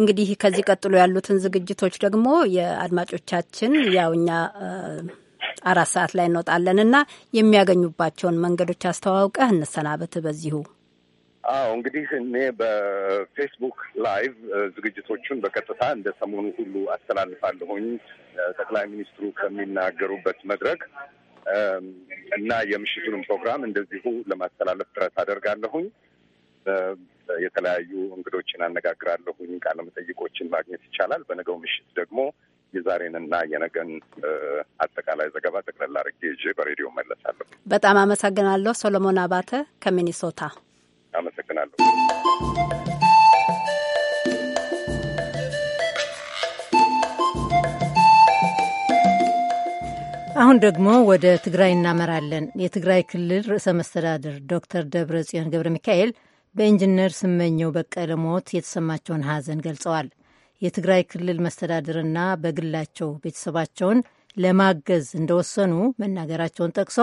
እንግዲህ ከዚህ ቀጥሎ ያሉትን ዝግጅቶች ደግሞ የአድማጮቻችን ያው እኛ አራት ሰዓት ላይ እንወጣለን እና የሚያገኙባቸውን መንገዶች አስተዋውቀህ እንሰናበት በዚሁ። አዎ እንግዲህ እኔ በፌስቡክ ላይቭ ዝግጅቶቹን በቀጥታ እንደ ሰሞኑ ሁሉ አስተላልፋለሁኝ። ጠቅላይ ሚኒስትሩ ከሚናገሩበት መድረክ እና የምሽቱንም ፕሮግራም እንደዚሁ ለማስተላለፍ ጥረት አደርጋለሁኝ። የተለያዩ እንግዶችን አነጋግራለሁኝ። ቃለመጠይቆችን ማግኘት ይቻላል። በነገው ምሽት ደግሞ የዛሬንና የነገን አጠቃላይ ዘገባ ጠቅለላ አድርጌ ይዤ በሬዲዮ መለሳለሁ። በጣም አመሰግናለሁ። ሶሎሞን አባተ ከሚኒሶታ አመሰግናለሁ። አሁን ደግሞ ወደ ትግራይ እናመራለን። የትግራይ ክልል ርዕሰ መስተዳድር ዶክተር ደብረ ጽዮን ገብረ ሚካኤል በኢንጂነር ስመኘው በቀለ ሞት የተሰማቸውን ሐዘን ገልጸዋል። የትግራይ ክልል መስተዳድርና በግላቸው ቤተሰባቸውን ለማገዝ እንደወሰኑ መናገራቸውን ጠቅሶ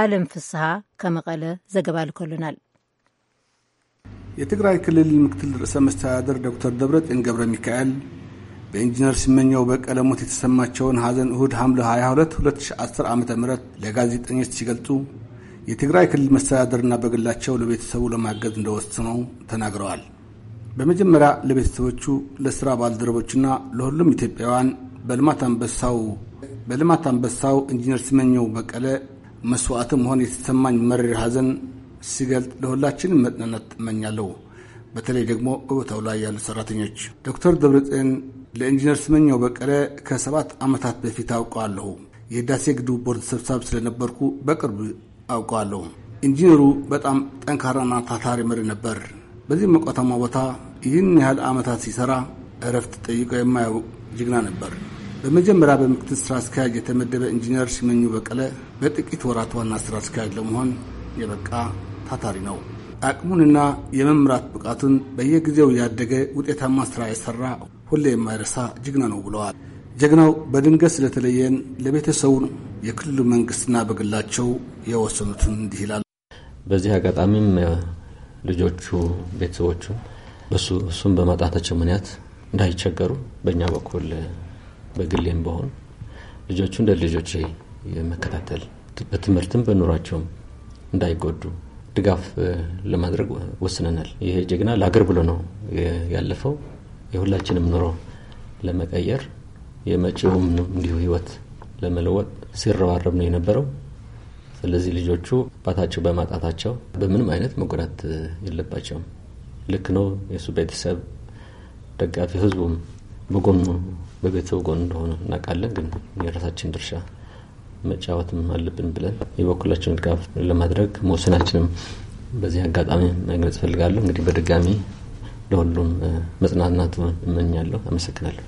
አለም ፍስሐ ከመቀለ ዘገባ ልኮልናል። የትግራይ ክልል ምክትል ርዕሰ መስተዳድር ዶክተር ደብረጽዮን ገብረ ሚካኤል በኢንጂነር ስመኛው በቀለ ሞት የተሰማቸውን ሐዘን እሁድ ሐምሌ 22 2010 ዓ ም ለጋዜጠኞች ሲገልጹ የትግራይ ክልል መስተዳደርና በግላቸው ለቤተሰቡ ለማገዝ እንደወስነው ተናግረዋል። በመጀመሪያ ለቤተሰቦቹ፣ ለሥራ ባልደረቦችና ለሁሉም ኢትዮጵያውያን በልማት አንበሳው ኢንጂነር ስመኘው በቀለ መስዋዕትም መሆን የተሰማኝ መሪር ሐዘን ሲገልጥ ለሁላችንም መጽናናት እመኛለሁ። በተለይ ደግሞ በቦታው ላይ ያሉ ሰራተኞች ዶክተር ደብረጽዮን ለኢንጂነር ስመኛው በቀለ ከሰባት ዓመታት በፊት አውቀዋለሁ። የህዳሴ ግድቡ ቦርድ ሰብሳቢ ስለነበርኩ በቅርብ አውቀዋለሁ። ኢንጂነሩ በጣም ጠንካራና ታታሪ መሪ ነበር። በዚህ መቆታማ ቦታ ይህን ያህል ዓመታት ሲሰራ እረፍት ጠይቆ የማያውቅ ጀግና ነበር። በመጀመሪያ በምክትል ስራ አስኪያጅ የተመደበ ኢንጂነር ሲመኙ በቀለ በጥቂት ወራት ዋና ስራ አስኪያጅ ለመሆን የበቃ ታታሪ ነው። አቅሙንና የመምራት ብቃቱን በየጊዜው ያደገ ውጤታማ ስራ የሰራ ሁሌ የማይረሳ ጀግና ነው ብለዋል። ጀግናው በድንገት ስለተለየን ለቤተሰቡን የክልሉ መንግስትና በግላቸው የወሰኑትን እንዲህ ይላል። በዚህ አጋጣሚም ልጆቹ ቤተሰቦቹ እሱን በማጣታቸው ምክንያት እንዳይቸገሩ በእኛ በኩል በግሌም በሆን ልጆቹ እንደ ልጆች የመከታተል በትምህርትም በኑሯቸውም እንዳይጎዱ ድጋፍ ለማድረግ ወስነናል። ይሄ ጀግና ለአገር ብሎ ነው ያለፈው። የሁላችንም ኑሮ ለመቀየር የመጪውም እንዲሁ ህይወት ለመለወጥ ሲረባረብ ነው የነበረው። ስለዚህ ልጆቹ አባታቸው በማጣታቸው በምንም አይነት መጎዳት የለባቸውም። ልክ ነው። የእሱ ቤተሰብ ደጋፊ፣ ህዝቡም በጎኑ በቤተሰቡ ጎን እንደሆነ እናውቃለን። ግን የራሳችን ድርሻ መጫወትም አለብን ብለን የበኩላችን ድጋፍ ለማድረግ መወሰናችንም በዚህ አጋጣሚ መግለጽ እፈልጋለሁ። እንግዲህ በድጋሚ ለሁሉም መጽናናት እመኛለሁ። አመሰግናለሁ።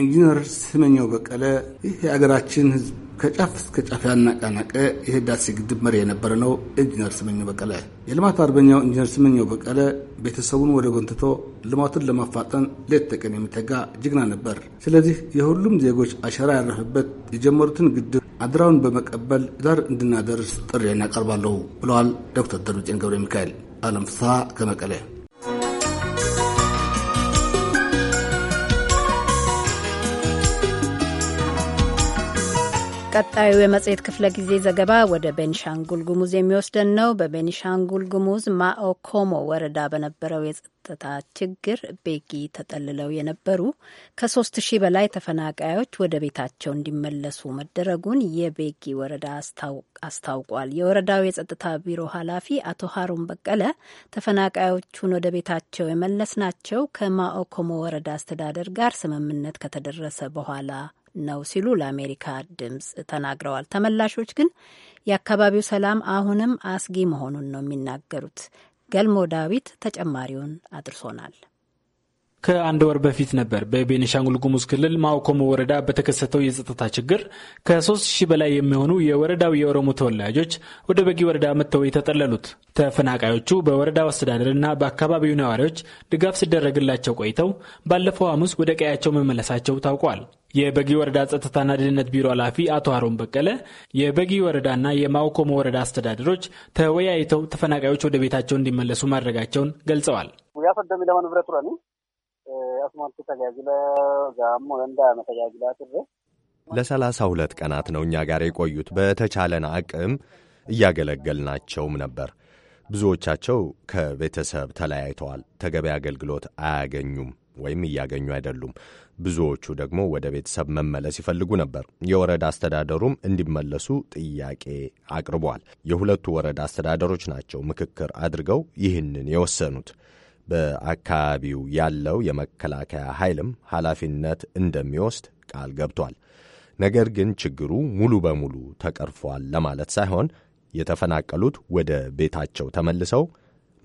ኢንጂነር ስመኘው በቀለ ይህ የሀገራችን ሕዝብ ከጫፍ እስከ ጫፍ ያናቃናቀ የህዳሴ ግድብ መሪ የነበረ ነው። ኢንጂነር ስመኘው በቀለ የልማት አርበኛው ኢንጂነር ስመኘው በቀለ ቤተሰቡን ወደ ጎንትቶ ልማቱን ለማፋጠን ሌት ተቀን የሚተጋ ጀግና ነበር። ስለዚህ የሁሉም ዜጎች አሻራ ያረፈበት የጀመሩትን ግድብ አድራውን በመቀበል ዳር እንድናደርስ ጥሪ እናቀርባለሁ ብለዋል ዶክተር ደብረጽዮን ገብረ ሚካኤል። አለም ፍስሐ ከመቀለ ቀጣዩ የመጽሔት ክፍለ ጊዜ ዘገባ ወደ ቤኒሻንጉል ጉሙዝ የሚወስደን ነው። በቤኒሻንጉል ጉሙዝ ማኦኮሞ ወረዳ በነበረው የጸጥታ ችግር ቤጊ ተጠልለው የነበሩ ከሶስት ሺህ በላይ ተፈናቃዮች ወደ ቤታቸው እንዲመለሱ መደረጉን የቤጊ ወረዳ አስታውቋል። የወረዳው የጸጥታ ቢሮ ኃላፊ አቶ ሀሩን በቀለ ተፈናቃዮቹን ወደ ቤታቸው የመለስ ናቸው ከማኦኮሞ ወረዳ አስተዳደር ጋር ስምምነት ከተደረሰ በኋላ ነው ሲሉ ለአሜሪካ ድምፅ ተናግረዋል። ተመላሾች ግን የአካባቢው ሰላም አሁንም አስጊ መሆኑን ነው የሚናገሩት። ገልሞ ዳዊት ተጨማሪውን አድርሶናል። ከአንድ ወር በፊት ነበር በቤኒሻንጉል ጉሙዝ ክልል ማኦኮሞ ወረዳ በተከሰተው የጸጥታ ችግር ከሶስት ሺህ በላይ የሚሆኑ የወረዳው የኦሮሞ ተወላጆች ወደ በጊ ወረዳ መጥተው የተጠለሉት። ተፈናቃዮቹ በወረዳው አስተዳደርና በአካባቢው ነዋሪዎች ድጋፍ ሲደረግላቸው ቆይተው ባለፈው ሐሙስ ወደ ቀያቸው መመለሳቸው ታውቋል። የበጊ ወረዳ ጸጥታና ደህንነት ቢሮ ኃላፊ አቶ አሮን በቀለ የበጊ ወረዳና የማኦኮሞ ወረዳ አስተዳደሮች ተወያይተው ተፈናቃዮች ወደ ቤታቸው እንዲመለሱ ማድረጋቸውን ገልጸዋል። akkuma ለሰላሳ ሁለት ቀናት ነው እኛ ጋር የቆዩት። በተቻለን አቅም እያገለገልናቸውም ነበር። ብዙዎቻቸው ከቤተሰብ ተለያይተዋል። ተገቢ አገልግሎት አያገኙም ወይም እያገኙ አይደሉም። ብዙዎቹ ደግሞ ወደ ቤተሰብ መመለስ ይፈልጉ ነበር። የወረዳ አስተዳደሩም እንዲመለሱ ጥያቄ አቅርቧል። የሁለቱ ወረዳ አስተዳደሮች ናቸው ምክክር አድርገው ይህንን የወሰኑት። በአካባቢው ያለው የመከላከያ ኃይልም ኃላፊነት እንደሚወስድ ቃል ገብቷል። ነገር ግን ችግሩ ሙሉ በሙሉ ተቀርፏል ለማለት ሳይሆን የተፈናቀሉት ወደ ቤታቸው ተመልሰው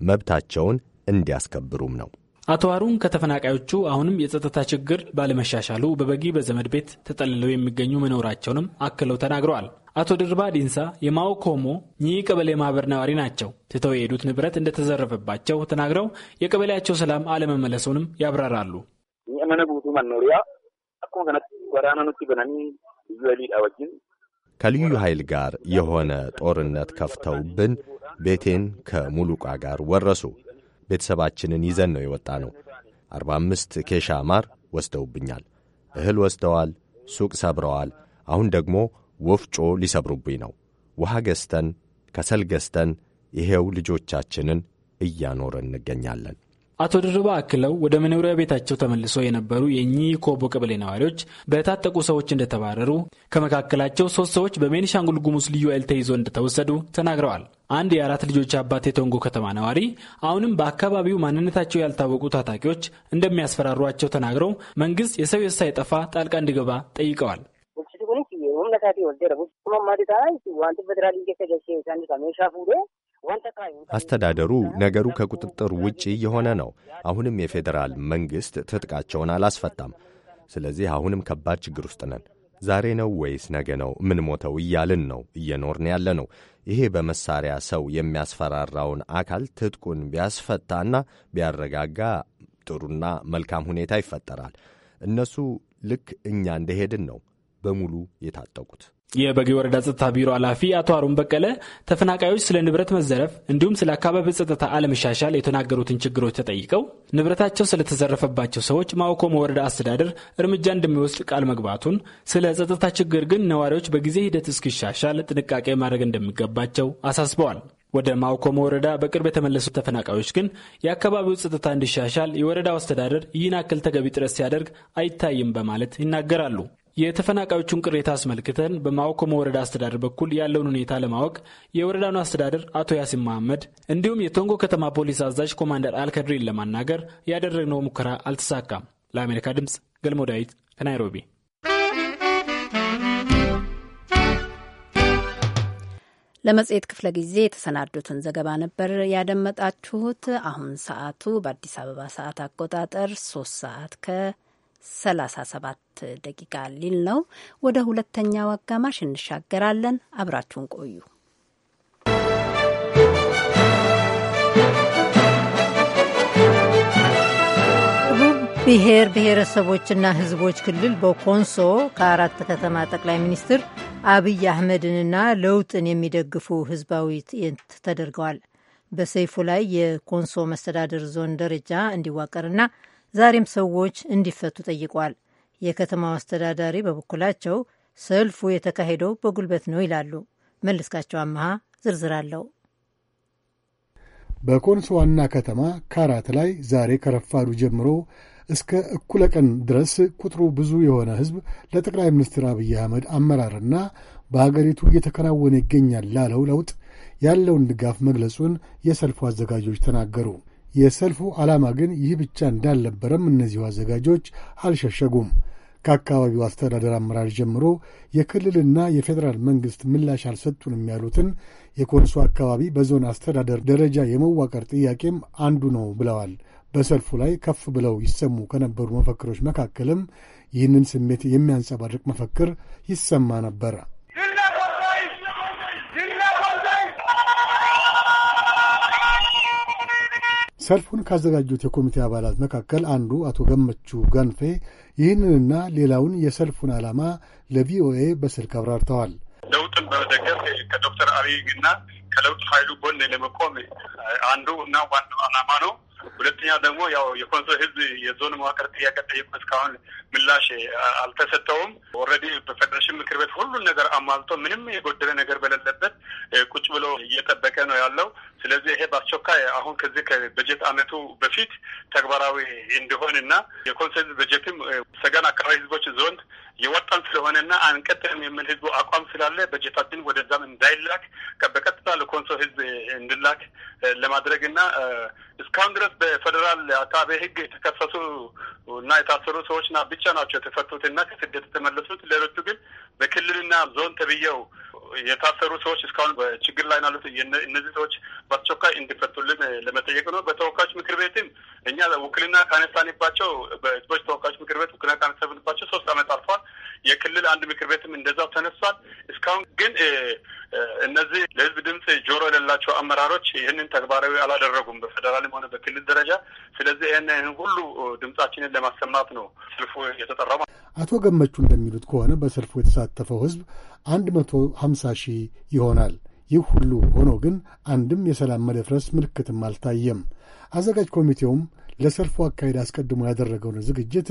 መብታቸውን እንዲያስከብሩም ነው። አቶ አሩን ከተፈናቃዮቹ አሁንም የጸጥታ ችግር ባለመሻሻሉ በበጊ በዘመድ ቤት ተጠልለው የሚገኙ መኖራቸውንም አክለው ተናግረዋል። አቶ ድርባ ዲንሳ የማኦ ኮሞ ኚህ ቀበሌ ማህበር ነዋሪ ናቸው። ትተው የሄዱት ንብረት እንደተዘረፈባቸው ተናግረው የቀበሌያቸው ሰላም አለመመለሱንም ያብራራሉ። ከልዩ ኃይል ጋር የሆነ ጦርነት ከፍተውብን ቤቴን ከሙሉቃ ጋር ወረሱ። ቤተሰባችንን ይዘን ነው የወጣ ነው። አርባ አምስት ኬሻ ማር ወስደውብኛል። እህል ወስደዋል። ሱቅ ሰብረዋል። አሁን ደግሞ ወፍጮ ሊሰብሩብኝ ነው። ውሃ ገዝተን ከሰል ገዝተን ይሄው ልጆቻችንን እያኖረን እንገኛለን። አቶ ድርባ አክለው ወደ መኖሪያ ቤታቸው ተመልሰው የነበሩ የእኚህ ኮቦ ቀበሌ ነዋሪዎች በታጠቁ ሰዎች እንደተባረሩ፣ ከመካከላቸው ሶስት ሰዎች በቤኒሻንጉል ጉሙዝ ልዩ ኃይል ተይዞ እንደተወሰዱ ተናግረዋል። አንድ የአራት ልጆች አባት የቶንጎ ከተማ ነዋሪ አሁንም በአካባቢው ማንነታቸው ያልታወቁ ታጣቂዎች እንደሚያስፈራሯቸው ተናግረው መንግስት የሰው የሳ ሳይጠፋ ጣልቃ እንዲገባ ጠይቀዋል። አስተዳደሩ ነገሩ ከቁጥጥር ውጪ የሆነ ነው። አሁንም የፌዴራል መንግሥት ትጥቃቸውን አላስፈታም። ስለዚህ አሁንም ከባድ ችግር ውስጥ ነን። ዛሬ ነው ወይስ ነገ ነው ምን ሞተው እያልን ነው እየኖርን ያለ ነው። ይሄ በመሳሪያ ሰው የሚያስፈራራውን አካል ትጥቁን ቢያስፈታና ቢያረጋጋ ጥሩና መልካም ሁኔታ ይፈጠራል። እነሱ ልክ እኛ እንደሄድን ነው በሙሉ የታጠቁት። የበጌ ወረዳ ጸጥታ ቢሮ ኃላፊ አቶ አሩን በቀለ ተፈናቃዮች ስለ ንብረት መዘረፍ እንዲሁም ስለ አካባቢ ጸጥታ አለመሻሻል የተናገሩትን ችግሮች ተጠይቀው ንብረታቸው ስለተዘረፈባቸው ሰዎች ማኦኮሞ ወረዳ አስተዳደር እርምጃ እንደሚወስድ ቃል መግባቱን፣ ስለ ጸጥታ ችግር ግን ነዋሪዎች በጊዜ ሂደት እስኪሻሻል ጥንቃቄ ማድረግ እንደሚገባቸው አሳስበዋል። ወደ ማውኮሞ ወረዳ በቅርብ የተመለሱ ተፈናቃዮች ግን የአካባቢው ጸጥታ እንዲሻሻል የወረዳው አስተዳደር ይህን አክል ተገቢ ጥረት ሲያደርግ አይታይም በማለት ይናገራሉ። የተፈናቃዮቹን ቅሬታ አስመልክተን በማወኮሞ ወረዳ አስተዳደር በኩል ያለውን ሁኔታ ለማወቅ የወረዳኑ አስተዳደር አቶ ያሲን መሐመድ እንዲሁም የቶንጎ ከተማ ፖሊስ አዛዥ ኮማንደር አልከድሪን ለማናገር ያደረግነው ሙከራ አልተሳካም። ለአሜሪካ ድምፅ ገልሞ ዳዊት ከናይሮቢ። ለመጽሔት ክፍለ ጊዜ የተሰናዱትን ዘገባ ነበር ያደመጣችሁት። አሁን ሰዓቱ በአዲስ አበባ ሰዓት አቆጣጠር ሶስት ሰዓት ከ 37 ደቂቃ ሊል ነው። ወደ ሁለተኛው አጋማሽ እንሻገራለን። አብራችሁን ቆዩ። ብሔር ብሔረሰቦችና ሕዝቦች ክልል በኮንሶ ከአራት ከተማ ጠቅላይ ሚኒስትር አብይ አህመድንና ለውጥን የሚደግፉ ህዝባዊ ትዕይንት ተደርገዋል። በሰይፉ ላይ የኮንሶ መስተዳደር ዞን ደረጃ እንዲዋቀርና ዛሬም ሰዎች እንዲፈቱ ጠይቋል። የከተማው አስተዳዳሪ በበኩላቸው ሰልፉ የተካሄደው በጉልበት ነው ይላሉ። መለስካቸው አመሃ ዝርዝር አለው። በኮንሶ ዋና ከተማ ካራት ላይ ዛሬ ከረፋዱ ጀምሮ እስከ እኩለ ቀን ድረስ ቁጥሩ ብዙ የሆነ ሕዝብ ለጠቅላይ ሚኒስትር አብይ አህመድ አመራርና በሀገሪቱ እየተከናወነ ይገኛል ላለው ለውጥ ያለውን ድጋፍ መግለጹን የሰልፉ አዘጋጆች ተናገሩ። የሰልፉ ዓላማ ግን ይህ ብቻ እንዳልነበረም እነዚሁ አዘጋጆች አልሸሸጉም። ከአካባቢው አስተዳደር አመራር ጀምሮ የክልልና የፌዴራል መንግሥት ምላሽ አልሰጡንም ያሉትን የኮንሶ አካባቢ በዞን አስተዳደር ደረጃ የመዋቀር ጥያቄም አንዱ ነው ብለዋል። በሰልፉ ላይ ከፍ ብለው ይሰሙ ከነበሩ መፈክሮች መካከልም ይህንን ስሜት የሚያንጸባርቅ መፈክር ይሰማ ነበር። ሰልፉን ካዘጋጁት የኮሚቴ አባላት መካከል አንዱ አቶ ገመቹ ገንፌ ይህንንና ሌላውን የሰልፉን ዓላማ ለቪኦኤ በስልክ አብራርተዋል። ለውጥን በመደገፍ ከዶክተር አብይና ከለውጥ ኃይሉ ጎን ለመቆም አንዱ እና ዋናው ዓላማ ነው። ሁለተኛ ደግሞ ያው የኮንሶ ህዝብ የዞን መዋቅር ጥያቄ ጠይቆ እስካሁን ምላሽ አልተሰጠውም። ኦልሬዲ በፌዴሬሽን ምክር ቤት ሁሉን ነገር አሟልቶ ምንም የጎደለ ነገር በሌለበት ቁጭ ብሎ እየጠበቀ ነው ያለው። ስለዚህ ይሄ በአስቸኳይ አሁን ከዚህ ከበጀት አመቱ በፊት ተግባራዊ እንዲሆን እና የኮንሶ ህዝብ በጀትም ሰገን አካባቢ ህዝቦች ዞን የወጣን ስለሆነና አንቀጥልም የሚል ህዝቡ አቋም ስላለ በጀታችን ወደዛም እንዳይላክ በቀጥታ ለኮንሶ ህዝብ እንድላክ ለማድረግ እና እስካሁን ድረስ በፌዴራል አቃቤ ሕግ የተከሰሱ እና የታሰሩ ሰዎች ብቻ ናቸው የተፈቱት እና ከስደት የተመለሱት። ሌሎቹ ግን በክልልና ዞን ተብዬው የታሰሩ ሰዎች እስካሁን በችግር ላይ ናሉት። እነዚህ ሰዎች በአስቸኳይ እንዲፈቱልን ለመጠየቅ ነው። በተወካዮች ምክር ቤትም እኛ ውክልና ካነሳንባቸው በህዝቦች ተወካዮች ምክር ቤት ውክልና ካነሳንባቸው ሶስት አመት አልፏል። የክልል አንድ ምክር ቤትም እንደዛው ተነሷል። እስካሁን ግን እነዚህ ለህዝብ ድምፅ ጆሮ የሌላቸው አመራሮች ይህንን ተግባራዊ አላደረጉም በፌደራልም ሆነ በክልል ደረጃ። ስለዚህ ይህን ሁሉ ድምጻችንን ለማሰማት ነው ስልፉ የተጠራው። አቶ ገመቹ እንደሚሉት ከሆነ በሰልፉ የተሳተፈው ሕዝብ 150 ሺህ ይሆናል። ይህ ሁሉ ሆኖ ግን አንድም የሰላም መደፍረስ ምልክትም አልታየም። አዘጋጅ ኮሚቴውም ለሰልፉ አካሄድ አስቀድሞ ያደረገውን ዝግጅት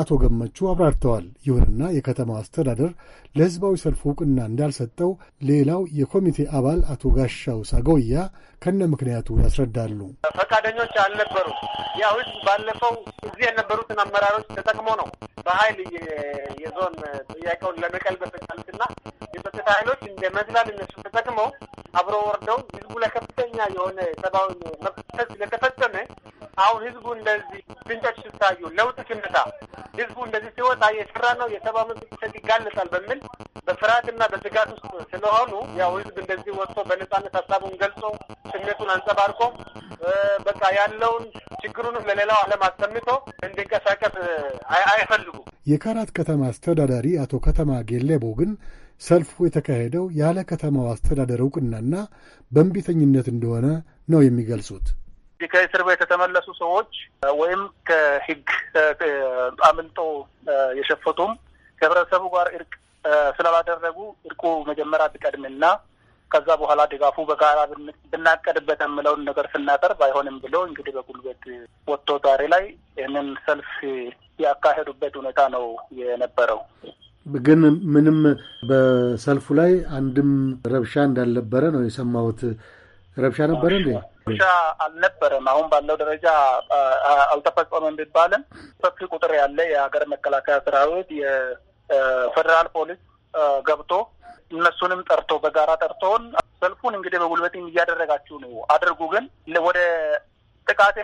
አቶ ገመቹ አብራርተዋል። ይሁንና የከተማው አስተዳደር ለሕዝባዊ ሰልፉ እውቅና እንዳልሰጠው ሌላው የኮሚቴ አባል አቶ ጋሻው ሳጎያ ከነ ምክንያቱ ያስረዳሉ። ፈቃደኞች አልነበሩ። ያ ህዝብ ባለፈው እዚህ የነበሩትን አመራሮች ተጠቅሞ ነው በኃይል የዞን ጥያቄውን ለመቀልበስ ቃልትና የጸጥታ ኃይሎች እንደ መዝላል እነሱ ተጠቅመው አብረው ወርደው ህዝቡ ለከፍተኛ የሆነ ሰብአዊ መብት ስለተፈጸመ አሁን ህዝቡ እንደዚህ ፍንጮች ሲታዩ ለውጥ ሲመጣ ህዝቡ እንደዚህ ሲወጣ የሰራ ነው የሰብአዊ መብት ይጋለጣል በሚል በፍርሃትና በስጋት ውስጥ ስለሆኑ ያው ህዝብ እንደዚህ ወጥቶ በነጻነት ሀሳቡን ገልጾ ስሜቱን አንጸባርቆ በቃ ያለውን ችግሩንም ለሌላው ዓለም አሰምቶ እንዲንቀሳቀስ አይፈልጉም። የካራት ከተማ አስተዳዳሪ አቶ ከተማ ጌሌቦ ግን ሰልፉ የተካሄደው ያለ ከተማው አስተዳደር እውቅናና በእንቢተኝነት እንደሆነ ነው የሚገልጹት። ከእስር ቤት የተመለሱ ሰዎች ወይም ከህግ አምልጦ የሸፈቱም ከህብረተሰቡ ጋር እርቅ ስላላደረጉ እርቁ መጀመሪያ ቢቀድምና ከዛ በኋላ ድጋፉ በጋራ ብናቀድበት የምለውን ነገር ስናቀርብ አይሆንም ብሎ እንግዲህ በጉልበት ወጥቶ ዛሬ ላይ ይህንን ሰልፍ ያካሄዱበት ሁኔታ ነው የነበረው። ግን ምንም በሰልፉ ላይ አንድም ረብሻ እንዳልነበረ ነው የሰማሁት። ረብሻ ነበረ እንዴ? ረብሻ አልነበረም። አሁን ባለው ደረጃ አልተፈጸመም ቢባልም ሰፊ ቁጥር ያለ የሀገር መከላከያ ሰራዊት፣ የፌዴራል ፖሊስ ገብቶ እነሱንም ጠርቶ በጋራ ጠርቶውን ሰልፉን እንግዲህ በጉልበት እያደረጋችሁ ነው አድርጉ፣ ግን ወደ ጥቃት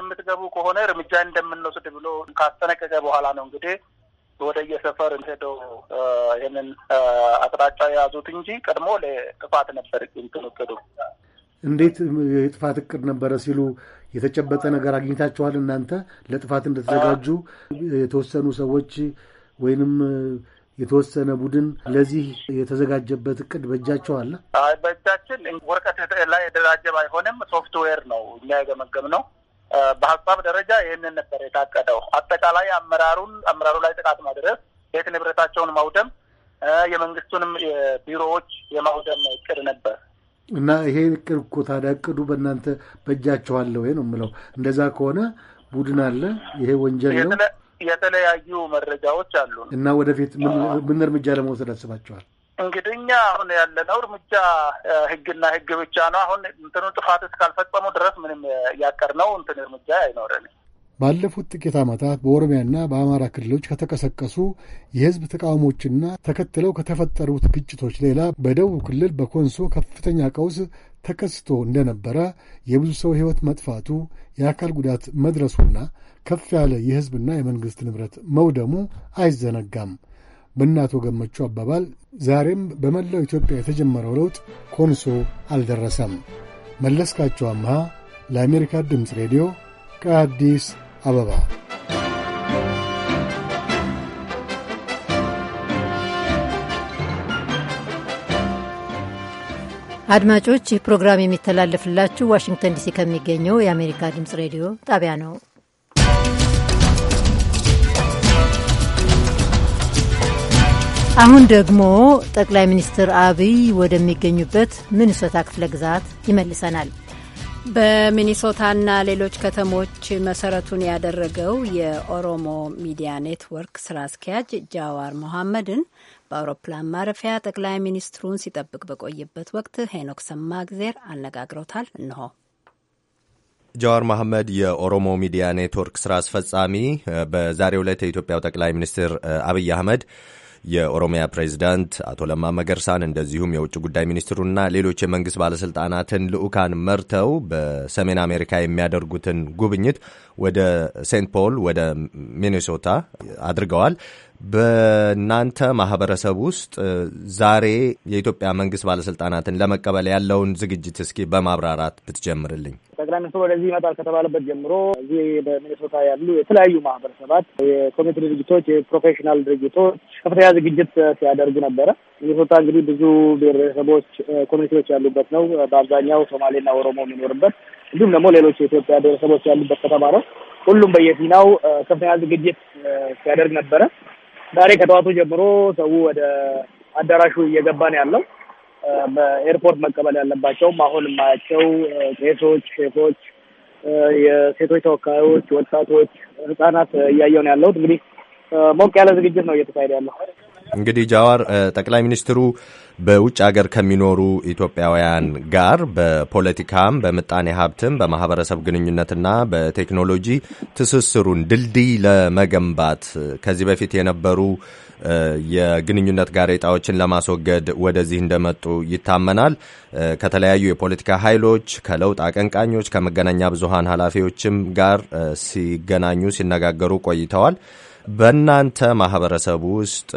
የምትገቡ ከሆነ እርምጃ እንደምንወስድ ብሎ ካስጠነቀቀ በኋላ ነው እንግዲህ ወደ የሰፈር ሄደው ይህንን አቅጣጫ የያዙት እንጂ ቀድሞ ለጥፋት ነበር ንትንቅዱ እንዴት የጥፋት እቅድ ነበረ ሲሉ የተጨበጠ ነገር አግኝታችኋል? እናንተ ለጥፋት እንደተዘጋጁ የተወሰኑ ሰዎች ወይንም የተወሰነ ቡድን ለዚህ የተዘጋጀበት እቅድ በእጃቸው አለ። በእጃችን ወረቀት ላይ የደራጀ ባይሆንም ሶፍትዌር ነው እኛ የገመገም ነው። በሀሳብ ደረጃ ይህንን ነበር የታቀደው። አጠቃላይ አመራሩን አመራሩ ላይ ጥቃት ማድረስ፣ ቤት ንብረታቸውን ማውደም፣ የመንግስቱንም ቢሮዎች የማውደም እቅድ ነበር። እና ይሄ እቅድ እኮ ታዲያ እቅዱ በእናንተ በእጃችሁ አለ ወይ ነው የምለው። እንደዛ ከሆነ ቡድን አለ፣ ይሄ ወንጀል ነው። የተለያዩ መረጃዎች አሉ እና ወደፊት ምን እርምጃ ለመውሰድ አስባቸዋል? እንግዲህ እኛ አሁን ያለነው እርምጃ ህግና ህግ ብቻ ነው። አሁን እንትኑ ጥፋት እስካልፈጸሙ ድረስ ምንም ያቀርነው እንትን እርምጃ አይኖረንም። ባለፉት ጥቂት ዓመታት በኦሮሚያና በአማራ ክልሎች ከተቀሰቀሱ የሕዝብ ተቃውሞችና ተከትለው ከተፈጠሩት ግጭቶች ሌላ በደቡብ ክልል በኮንሶ ከፍተኛ ቀውስ ተከስቶ እንደነበረ የብዙ ሰው ሕይወት መጥፋቱ፣ የአካል ጉዳት መድረሱና ከፍ ያለ የሕዝብና የመንግሥት ንብረት መውደሙ አይዘነጋም። በእናቶ ገመቹ አባባል ዛሬም በመላው ኢትዮጵያ የተጀመረው ለውጥ ኮንሶ አልደረሰም። መለስካቸው አምሃ ለአሜሪካ ድምፅ ሬዲዮ ከአዲስ አበባ አድማጮች ይህ ፕሮግራም የሚተላለፍላችሁ ዋሽንግተን ዲሲ ከሚገኘው የአሜሪካ ድምፅ ሬዲዮ ጣቢያ ነው። አሁን ደግሞ ጠቅላይ ሚኒስትር አብይ ወደሚገኙበት ሚኒሶታ ክፍለ ግዛት ይመልሰናል። በሚኒሶታና ሌሎች ከተሞች መሰረቱን ያደረገው የኦሮሞ ሚዲያ ኔትወርክ ስራ አስኪያጅ ጃዋር መሐመድን በአውሮፕላን ማረፊያ ጠቅላይ ሚኒስትሩን ሲጠብቅ በቆየበት ወቅት ሄኖክ ሰማእግዜር አነጋግሮታል። እንሆ ጃዋር መሐመድ የኦሮሞ ሚዲያ ኔትወርክ ስራ አስፈጻሚ፣ በዛሬው ዕለት የኢትዮጵያው ጠቅላይ ሚኒስትር አብይ አህመድ የኦሮሚያ ፕሬዚዳንት አቶ ለማ መገርሳን እንደዚሁም የውጭ ጉዳይ ሚኒስትሩና ሌሎች የመንግስት ባለስልጣናትን ልዑካን መርተው በሰሜን አሜሪካ የሚያደርጉትን ጉብኝት ወደ ሴንት ፖል ወደ ሚኔሶታ አድርገዋል። በእናንተ ማህበረሰብ ውስጥ ዛሬ የኢትዮጵያ መንግስት ባለስልጣናትን ለመቀበል ያለውን ዝግጅት እስኪ በማብራራት ብትጀምርልኝ። ጠቅላይ ሚኒስትሩ ወደዚህ ይመጣል ከተባለበት ጀምሮ እዚህ በሚኒሶታ ያሉ የተለያዩ ማህበረሰባት፣ የኮሚቴ ድርጅቶች፣ የፕሮፌሽናል ድርጅቶች ከፍተኛ ዝግጅት ሲያደርጉ ነበረ። ሚኒሶታ እንግዲህ ብዙ ብሔረሰቦች፣ ኮሚኒቲዎች ያሉበት ነው። በአብዛኛው ሶማሌና ኦሮሞ የሚኖርበት እንዲሁም ደግሞ ሌሎች የኢትዮጵያ ብሔረሰቦች ያሉበት ከተማ ነው። ሁሉም በየፊናው ከፍተኛ ዝግጅት ሲያደርግ ነበረ። ዛሬ ከጠዋቱ ጀምሮ ሰው ወደ አዳራሹ እየገባ ነው ያለው። በኤርፖርት መቀበል ያለባቸውም አሁን የማያቸው ቄሶች፣ ሼፎች፣ የሴቶች ተወካዮች፣ ወጣቶች፣ ህጻናት እያየው ነው ያለሁት። እንግዲህ ሞቅ ያለ ዝግጅት ነው እየተካሄደ ያለው። እንግዲህ ጃዋር ጠቅላይ ሚኒስትሩ በውጭ ሀገር ከሚኖሩ ኢትዮጵያውያን ጋር በፖለቲካም በምጣኔ ሀብትም በማህበረሰብ ግንኙነትና በቴክኖሎጂ ትስስሩን ድልድይ ለመገንባት ከዚህ በፊት የነበሩ የግንኙነት ጋሬጣዎችን ለማስወገድ ወደዚህ እንደመጡ ይታመናል። ከተለያዩ የፖለቲካ ኃይሎች፣ ከለውጥ አቀንቃኞች፣ ከመገናኛ ብዙሃን ኃላፊዎችም ጋር ሲገናኙ ሲነጋገሩ ቆይተዋል። በእናንተ ማህበረሰብ ውስጥ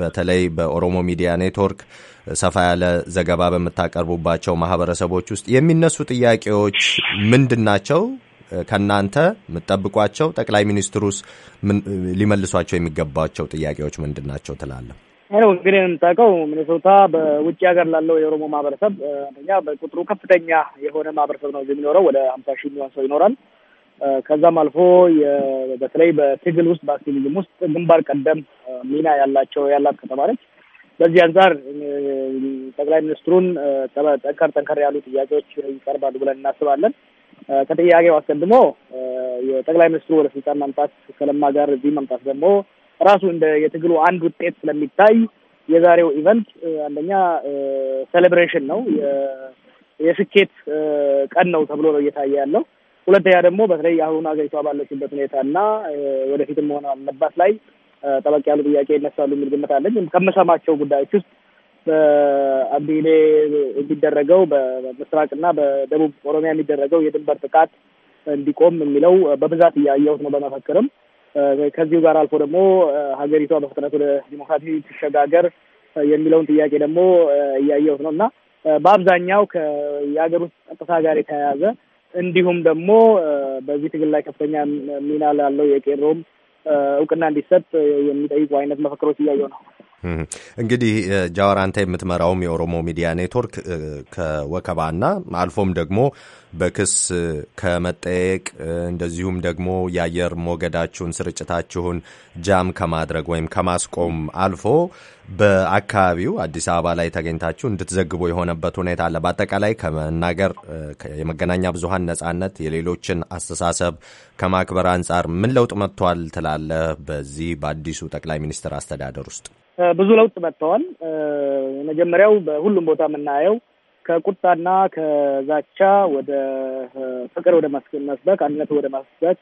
በተለይ በኦሮሞ ሚዲያ ኔትወርክ ሰፋ ያለ ዘገባ በምታቀርቡባቸው ማህበረሰቦች ውስጥ የሚነሱ ጥያቄዎች ምንድን ናቸው? ከእናንተ የምትጠብቋቸው ጠቅላይ ሚኒስትሩስ ሊመልሷቸው የሚገባቸው ጥያቄዎች ምንድን ናቸው ትላለህ? ይኸው እንግዲህ የምታውቀው ሚኒሶታ በውጭ ሀገር ላለው የኦሮሞ ማህበረሰብ አንደኛ በቁጥሩ ከፍተኛ የሆነ ማህበረሰብ ነው የሚኖረው። ወደ ሀምሳ ሺህ የሚሆን ሰው ይኖራል። ከዛም አልፎ በተለይ በትግል ውስጥ በአክቲቪዝም ውስጥ ግንባር ቀደም ሚና ያላቸው ያላት ከተማ ነች። በዚህ አንጻር ጠቅላይ ሚኒስትሩን ጠንከር ጠንከር ያሉ ጥያቄዎች ይቀርባሉ ብለን እናስባለን። ከጥያቄው አስቀድሞ የጠቅላይ ሚኒስትሩ ወደ ስልጣን መምጣት ከለማ ጋር እዚህ መምጣት ደግሞ ራሱ እንደ የትግሉ አንድ ውጤት ስለሚታይ የዛሬው ኢቨንት አንደኛ ሴሌብሬሽን ነው፣ የስኬት ቀን ነው ተብሎ ነው እየታየ ያለው። ሁለተኛ ደግሞ በተለይ አሁን ሀገሪቷ ባለችበት ሁኔታ እና ወደፊትም ሆነ መባት ላይ ጠበቅ ያሉ ጥያቄ ይነሳሉ የሚል ግምት አለኝ። ከምሰማቸው ጉዳዮች ውስጥ በአቢሌ የሚደረገው በምስራቅና በደቡብ ኦሮሚያ የሚደረገው የድንበር ጥቃት እንዲቆም የሚለው በብዛት እያየሁት ነው በመፈክርም ከዚሁ ጋር አልፎ ደግሞ ሀገሪቷ በፍጥነት ወደ ዲሞክራሲ ትሸጋገር የሚለውን ጥያቄ ደግሞ እያየሁት ነው እና በአብዛኛው ከየሀገር ውስጥ ጸጥታ ጋር የተያያዘ እንዲሁም ደግሞ በዚህ ትግል ላይ ከፍተኛ ሚና ላለው የቄሮም እውቅና እንዲሰጥ የሚጠይቁ አይነት መፈክሮች እያየው ነው። እንግዲህ ጃዋር አንተ የምትመራውም የኦሮሞ ሚዲያ ኔትወርክ ከወከባና አልፎም ደግሞ በክስ ከመጠየቅ እንደዚሁም ደግሞ የአየር ሞገዳችሁን ስርጭታችሁን ጃም ከማድረግ ወይም ከማስቆም አልፎ በአካባቢው አዲስ አበባ ላይ ተገኝታችሁ እንድትዘግቡ የሆነበት ሁኔታ አለ። በአጠቃላይ ከመናገር የመገናኛ ብዙሀን ነጻነት የሌሎችን አስተሳሰብ ከማክበር አንጻር ምን ለውጥ መጥቷል ትላለህ በዚህ በአዲሱ ጠቅላይ ሚኒስትር አስተዳደር ውስጥ? ብዙ ለውጥ መጥተዋል። የመጀመሪያው በሁሉም ቦታ የምናየው ከቁጣና ከዛቻ ወደ ፍቅር ወደ መስበክ፣ አንድነት ወደ ማስበክ፣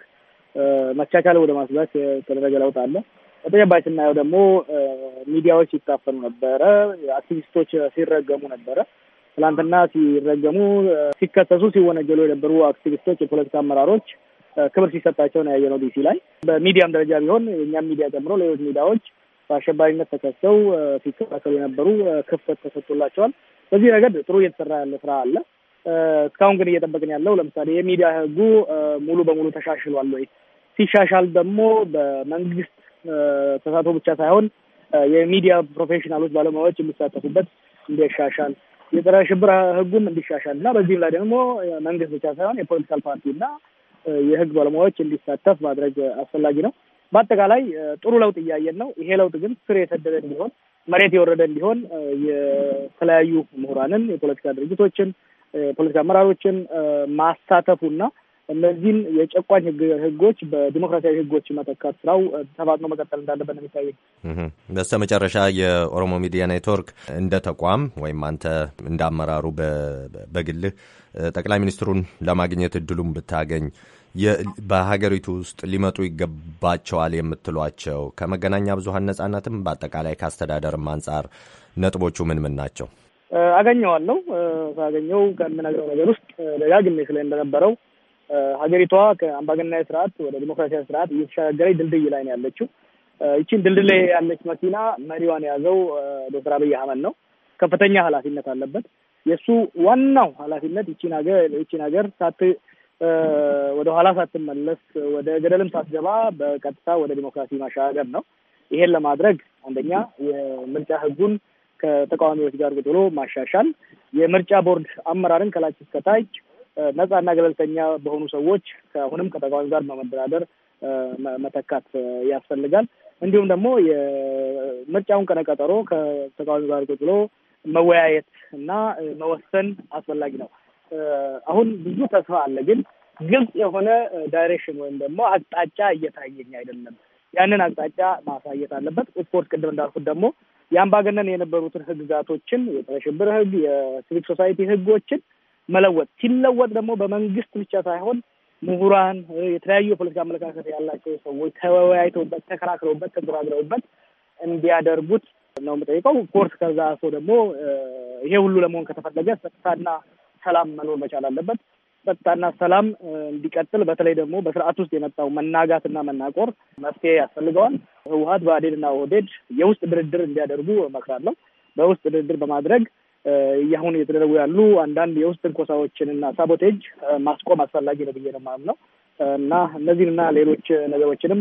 መቻቻል ወደ ማስበክ የተደረገ ለውጥ አለ። በተጨባጭ ስናየው ደግሞ ሚዲያዎች ሲታፈኑ ነበረ፣ አክቲቪስቶች ሲረገሙ ነበረ። ትላንትና ሲረገሙ፣ ሲከሰሱ፣ ሲወነጀሉ የነበሩ አክቲቪስቶች፣ የፖለቲካ አመራሮች ክብር ሲሰጣቸው ነው ያየነው ዲሲ ላይ። በሚዲያም ደረጃ ቢሆን የእኛም ሚዲያ ጨምሮ ሌሎች ሚዲያዎች በአሸባሪነት ተከሰው ሲከታተሉ የነበሩ ክፍተት ተሰጥቶላቸዋል። በዚህ ረገድ ጥሩ እየተሰራ ያለ ስራ አለ። እስካሁን ግን እየጠበቅን ያለው ለምሳሌ የሚዲያ ህጉ ሙሉ በሙሉ ተሻሽሏል ወይ? ሲሻሻል ደግሞ በመንግስት ተሳትፎ ብቻ ሳይሆን የሚዲያ ፕሮፌሽናሎች ባለሙያዎች የሚሳተፉበት እንዲሻሻል የጸረ ሽብር ህጉም እንዲሻሻል እና በዚህም ላይ ደግሞ መንግስት ብቻ ሳይሆን የፖለቲካል ፓርቲ እና የህግ ባለሙያዎች እንዲሳተፍ ማድረግ አስፈላጊ ነው። በአጠቃላይ ጥሩ ለውጥ እያየን ነው። ይሄ ለውጥ ግን ስር የሰደደ እንዲሆን መሬት የወረደ እንዲሆን የተለያዩ ምሁራንን፣ የፖለቲካ ድርጅቶችን፣ የፖለቲካ አመራሮችን ማሳተፉና እነዚህን የጨቋኝ ህጎች በዲሞክራሲያዊ ህጎች መተካት ስራው ተፋጥኖ መቀጠል እንዳለበት ነው የሚታየኝ። በስተ መጨረሻ የኦሮሞ ሚዲያ ኔትወርክ እንደ ተቋም ወይም አንተ እንዳመራሩ በግልህ ጠቅላይ ሚኒስትሩን ለማግኘት እድሉም ብታገኝ በሀገሪቱ ውስጥ ሊመጡ ይገባቸዋል የምትሏቸው ከመገናኛ ብዙሀን ነጻነትም በአጠቃላይ ከአስተዳደርም አንጻር ነጥቦቹ ምን ምን ናቸው? አገኘዋለሁ። ሳገኘው ከምነግረው ነገር ውስጥ ደጋግሜ ስለ እንደነበረው ሀገሪቷ ከአምባገናዊ ስርዓት ወደ ዲሞክራሲያዊ ስርዓት እየተሸጋገረች ድልድይ ላይ ነው ያለችው። ይቺን ድልድይ ላይ ያለች መኪና መሪዋን የያዘው ዶክተር አብይ አህመድ ነው። ከፍተኛ ኃላፊነት አለበት። የእሱ ዋናው ኃላፊነት ይቺን ሀገር ይቺን ሀገር ሳት ወደ ኋላ ሳትመለስ ወደ ገደልም ሳትገባ በቀጥታ ወደ ዲሞክራሲ ማሻገር ነው። ይሄን ለማድረግ አንደኛ የምርጫ ህጉን ከተቃዋሚዎች ጋር ቁጥሎ ማሻሻል፣ የምርጫ ቦርድ አመራርን ከላች እስከታች ነጻና ገለልተኛ በሆኑ ሰዎች ከአሁንም ከተቃዋሚ ጋር በመደራደር መተካት ያስፈልጋል። እንዲሁም ደግሞ የምርጫውን ቀነቀጠሮ ከተቃዋሚ ጋር ቁጭ ብሎ መወያየት እና መወሰን አስፈላጊ ነው። አሁን ብዙ ተስፋ አለ፣ ግን ግልጽ የሆነ ዳይሬክሽን ወይም ደግሞ አቅጣጫ እየታየኝ አይደለም። ያንን አቅጣጫ ማሳየት አለበት። ስፖርት ቅድም እንዳልኩት ደግሞ የአምባገነን የነበሩትን ህግጋቶችን የጸረ ሽብር ህግ፣ የሲቪክ ሶሳይቲ ህጎችን መለወጥ ሲለወጥ ደግሞ በመንግስት ብቻ ሳይሆን ምሁራን፣ የተለያዩ የፖለቲካ አመለካከት ያላቸው ሰዎች ተወያይተውበት፣ ተከራክረውበት፣ ተዘራግረውበት እንዲያደርጉት ነው የምጠይቀው። ኮርስ ከዛ ሰው ደግሞ ይሄ ሁሉ ለመሆን ከተፈለገ ጸጥታና ሰላም መኖር መቻል አለበት። ጸጥታና ሰላም እንዲቀጥል በተለይ ደግሞ በስርዓት ውስጥ የመጣው መናጋትና መናቆር መፍትሄ ያስፈልገዋል። ህወሀት፣ ብአዴንና ኦህዴድ የውስጥ ድርድር እንዲያደርጉ እመክራለሁ። በውስጥ ድርድር በማድረግ እያሁን እየተደረጉ ያሉ አንዳንድ የውስጥ ትንኮሳዎችንና ሳቦቴጅ ማስቆም አስፈላጊ ነው ብዬ ነው የማምነው። እና እነዚህንና ሌሎች ነገሮችንም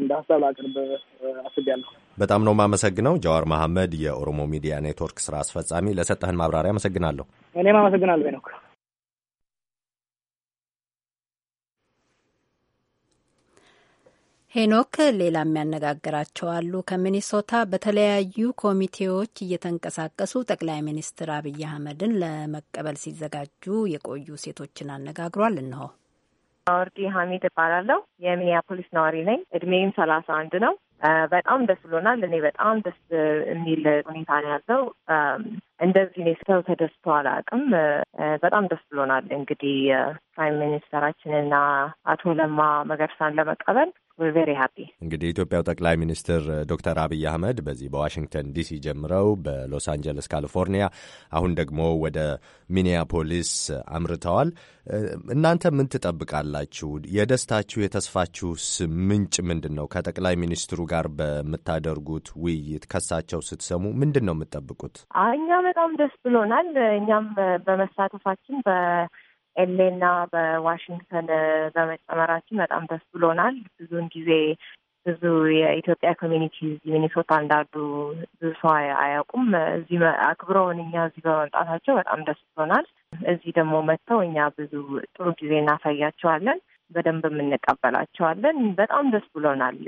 እንደ ሀሳብ ላቅርብ አስቤያለሁ። በጣም ነው የማመሰግነው። ጃዋር መሐመድ፣ የኦሮሞ ሚዲያ ኔትወርክ ስራ አስፈጻሚ፣ ለሰጠህን ማብራሪያ አመሰግናለሁ። እኔም አመሰግናለሁ ነው ሄኖክ ሌላ የሚያነጋግራቸው አሉ። ከሚኒሶታ በተለያዩ ኮሚቴዎች እየተንቀሳቀሱ ጠቅላይ ሚኒስትር አብይ አህመድን ለመቀበል ሲዘጋጁ የቆዩ ሴቶችን አነጋግሯል። እንሆ አወርቂ ሀሚድ እባላለሁ። የሚኒያፖሊስ ነዋሪ ነኝ። እድሜም ሰላሳ አንድ ነው። በጣም ደስ ብሎናል። እኔ በጣም ደስ የሚል ሁኔታ ነው ያለው። እንደዚህ እኔ ሰው ተደስቶ አላውቅም። በጣም ደስ ብሎናል። እንግዲህ ፕራይም ሚኒስተራችንና አቶ ለማ መገርሳን ለመቀበል እንግዲህ የኢትዮጵያው ጠቅላይ ሚኒስትር ዶክተር አብይ አህመድ በዚህ በዋሽንግተን ዲሲ ጀምረው በሎስ አንጀለስ ካሊፎርኒያ፣ አሁን ደግሞ ወደ ሚኒያፖሊስ አምርተዋል። እናንተ ምን ትጠብቃላችሁ? የደስታችሁ የተስፋችሁስ ምንጭ ምንድን ነው? ከጠቅላይ ሚኒስትሩ ጋር በምታደርጉት ውይይት ከሳቸው ስትሰሙ ምንድን ነው የምትጠብቁት? እኛ በጣም ደስ ብሎናል። እኛም በመሳተፋችን ኤሌና እና በዋሽንግተን በመጨመራችን በጣም ደስ ብሎናል። ብዙውን ጊዜ ብዙ የኢትዮጵያ ኮሚኒቲ እዚህ ሚኒሶታ እንዳሉ ብዙ ሰው አያውቁም። እዚህ አክብረውን እኛ እዚህ በመምጣታቸው በጣም ደስ ብሎናል። እዚህ ደግሞ መጥተው እኛ ብዙ ጥሩ ጊዜ እናሳያቸዋለን። በደንብ የምንቀበላቸዋለን። በጣም ደስ ብሎናል፣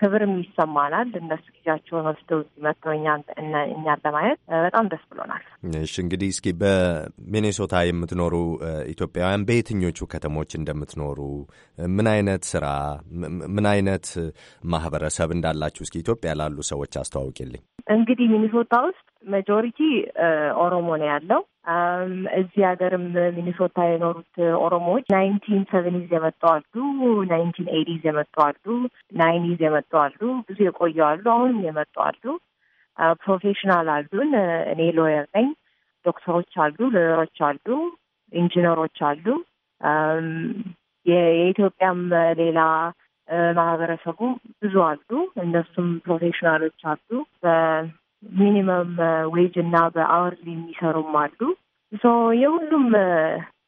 ክብርም ይሰማናል። እነሱ ጊዜያቸውን ወስደው እዚህ መጥተው እኛን ለማየት በጣም ደስ ብሎናል። እሺ እንግዲህ እስኪ በሚኔሶታ የምትኖሩ ኢትዮጵያውያን በየትኞቹ ከተሞች እንደምትኖሩ ምን አይነት ስራ ምን አይነት ማህበረሰብ እንዳላችሁ እስኪ ኢትዮጵያ ላሉ ሰዎች አስተዋውቂልኝ። እንግዲህ ሚኒሶታ ውስጥ ሜጆሪቲ uh, ኦሮሞ ነው ያለው። um, እዚህ ሀገርም ሚኒሶታ የኖሩት ኦሮሞዎች ናይንቲን ሰቨኒዝ የመጡ አሉ፣ ናይንቲን ኤይዲዝ የመጡ አሉ፣ ናይኒዝ የመጡ አሉ፣ ብዙ የቆዩ አሉ፣ አሁንም የመጡ አሉ። ፕሮፌሽናል uh, አሉን። እኔ ሎየር ነኝ። ዶክተሮች አሉ፣ ሎየሮች አሉ፣ ኢንጂነሮች አሉ። um, የኢትዮጵያም ሌላ uh, ማህበረሰቡ ብዙ አሉ። እነሱም ፕሮፌሽናሎች አሉ። ሚኒመም ዌጅ እና በአወርሊ የሚሰሩም አሉ። ሶ የሁሉም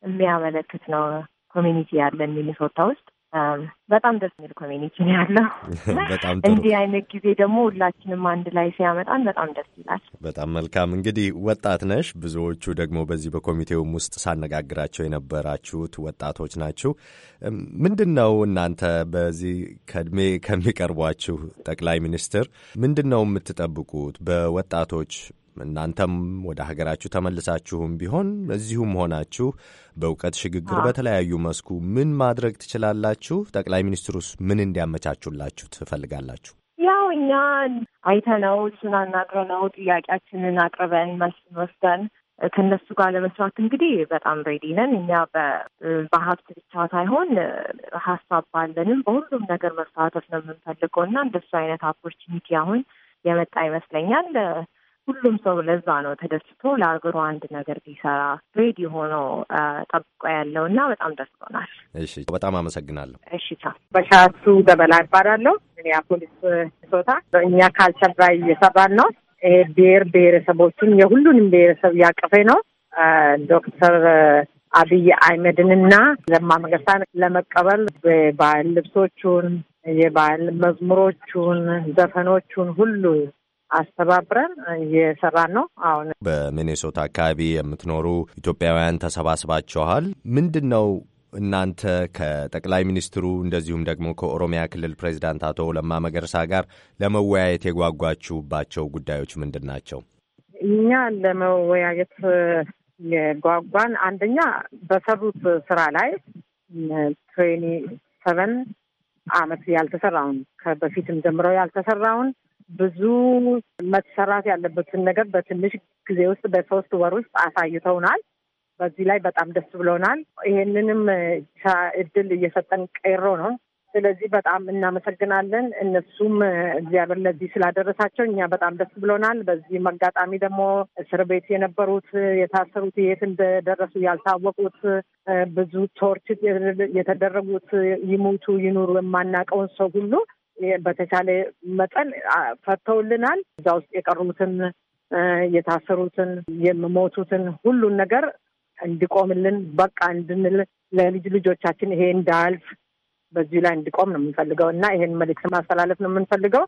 የሚያመለክት ነው ኮሚኒቲ ያለን ሚኒሶታ ውስጥ በጣም ደስ የሚል ኮሚኒቲ ነው ያለው። *laughs* እንዲህ አይነት ጊዜ ደግሞ ሁላችንም አንድ ላይ ሲያመጣን በጣም ደስ ይላል። በጣም መልካም። እንግዲህ ወጣት ነሽ፣ ብዙዎቹ ደግሞ በዚህ በኮሚቴውም ውስጥ ሳነጋግራቸው የነበራችሁት ወጣቶች ናችሁ። ምንድን ነው እናንተ በዚህ ከእድሜ ከሚቀርቧችሁ ጠቅላይ ሚኒስትር ምንድን ነው የምትጠብቁት በወጣቶች እናንተም ወደ ሀገራችሁ ተመልሳችሁም ቢሆን እዚሁም ሆናችሁ በእውቀት ሽግግር በተለያዩ መስኩ ምን ማድረግ ትችላላችሁ? ጠቅላይ ሚኒስትሩስ ምን እንዲያመቻቹላችሁ ትፈልጋላችሁ? ያው እኛ አይተነው ስናናግረነው ጥያቄያችንን አቅርበን መልስ ወስደን ከእነሱ ጋር ለመስራት እንግዲህ በጣም ሬዲ ነን። እኛ በሀብት ብቻ ሳይሆን ሀሳብ ባለንም በሁሉም ነገር መሳተፍ ነው የምንፈልገው እና እንደሱ አይነት አፖርቹኒቲ አሁን የመጣ ይመስለኛል። ሁሉም ሰው ለዛ ነው ተደስቶ ለሀገሩ አንድ ነገር ቢሰራ ሬዲ ሆኖ ጠብቆ ያለው እና በጣም ደስ ሆናል። እሺ፣ በጣም አመሰግናለሁ። እሺ፣ በሻቱ ገበላ ይባላለሁ። ሚኒያፖሊስ ሶታ እኛ ካልቸር እየሰራን ነው። ይሄ ብሔር ብሔረሰቦችን የሁሉንም ብሔረሰብ እያቀፈ ነው። ዶክተር አብይ አህመድንና ለማ መገርሳን ለመቀበል የባህል ልብሶቹን፣ የባህል መዝሙሮቹን፣ ዘፈኖቹን ሁሉ አስተባብረን እየሰራን ነው። አሁን በሚኔሶታ አካባቢ የምትኖሩ ኢትዮጵያውያን ተሰባስባችኋል። ምንድን ነው እናንተ ከጠቅላይ ሚኒስትሩ እንደዚሁም ደግሞ ከኦሮሚያ ክልል ፕሬዚዳንት አቶ ለማ መገርሳ ጋር ለመወያየት የጓጓችሁባቸው ጉዳዮች ምንድን ናቸው? እኛ ለመወያየት የጓጓን አንደኛ በሰሩት ስራ ላይ ትዌንቲ ሰቨን አመት ያልተሰራውን ከበፊትም ጀምረው ያልተሰራውን ብዙ መሰራት ያለበትን ነገር በትንሽ ጊዜ ውስጥ በሶስት ወር ውስጥ አሳይተውናል። በዚህ ላይ በጣም ደስ ብሎናል። ይሄንንም እድል እየሰጠን ቀይሮ ነው። ስለዚህ በጣም እናመሰግናለን። እነሱም እግዚአብሔር ለዚህ ስላደረሳቸው እኛ በጣም ደስ ብሎናል። በዚህ አጋጣሚ ደግሞ እስር ቤት የነበሩት የታሰሩት፣ የት እንደደረሱ ያልታወቁት፣ ብዙ ቶርች የተደረጉት፣ ይሙቱ ይኑሩ የማናውቀውን ሰው ሁሉ በተቻለ መጠን ፈተውልናል። እዛ ውስጥ የቀሩትን የታሰሩትን፣ የሞቱትን ሁሉን ነገር እንዲቆምልን በቃ እንድንል ለልጅ ልጆቻችን ይሄ እንዳያልፍ በዚ ላይ እንዲቆም ነው የምንፈልገው እና ይሄን መልዕክት ማስተላለፍ ነው የምንፈልገው።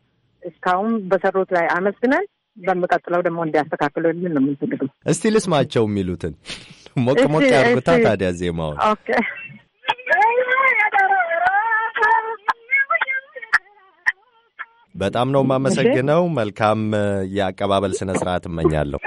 እስካሁን በሰሩት ላይ አመስግነን በምቀጥለው ደግሞ እንዲያስተካክሉልን ነው የምንፈልገው። እስቲ ልስማቸው የሚሉትን ሞቅ ሞቅ ያርጉታ ታዲያ ዜማውን በጣም ነው የማመሰግነው። መልካም የአቀባበል ስነ ስርዓት እመኛለሁ።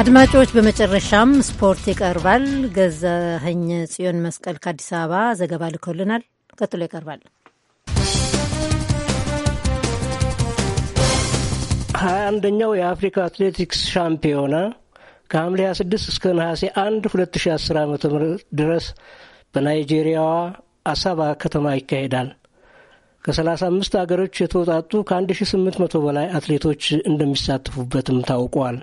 አድማጮች፣ በመጨረሻም ስፖርት ይቀርባል። ገዛኸኝ ጽዮን መስቀል ከአዲስ አበባ ዘገባ ልኮልናል። ቀጥሎ ይቀርባል። ሀያ አንደኛው የአፍሪካ አትሌቲክስ ሻምፒዮና ከሐምሌ 26 እስከ ነሐሴ 1 2010 ዓ ም ድረስ በናይጄሪያዋ አሳባ ከተማ ይካሄዳል። ከ35 አገሮች የተውጣጡ ከ1800 በላይ አትሌቶች እንደሚሳተፉበትም ታውቋል።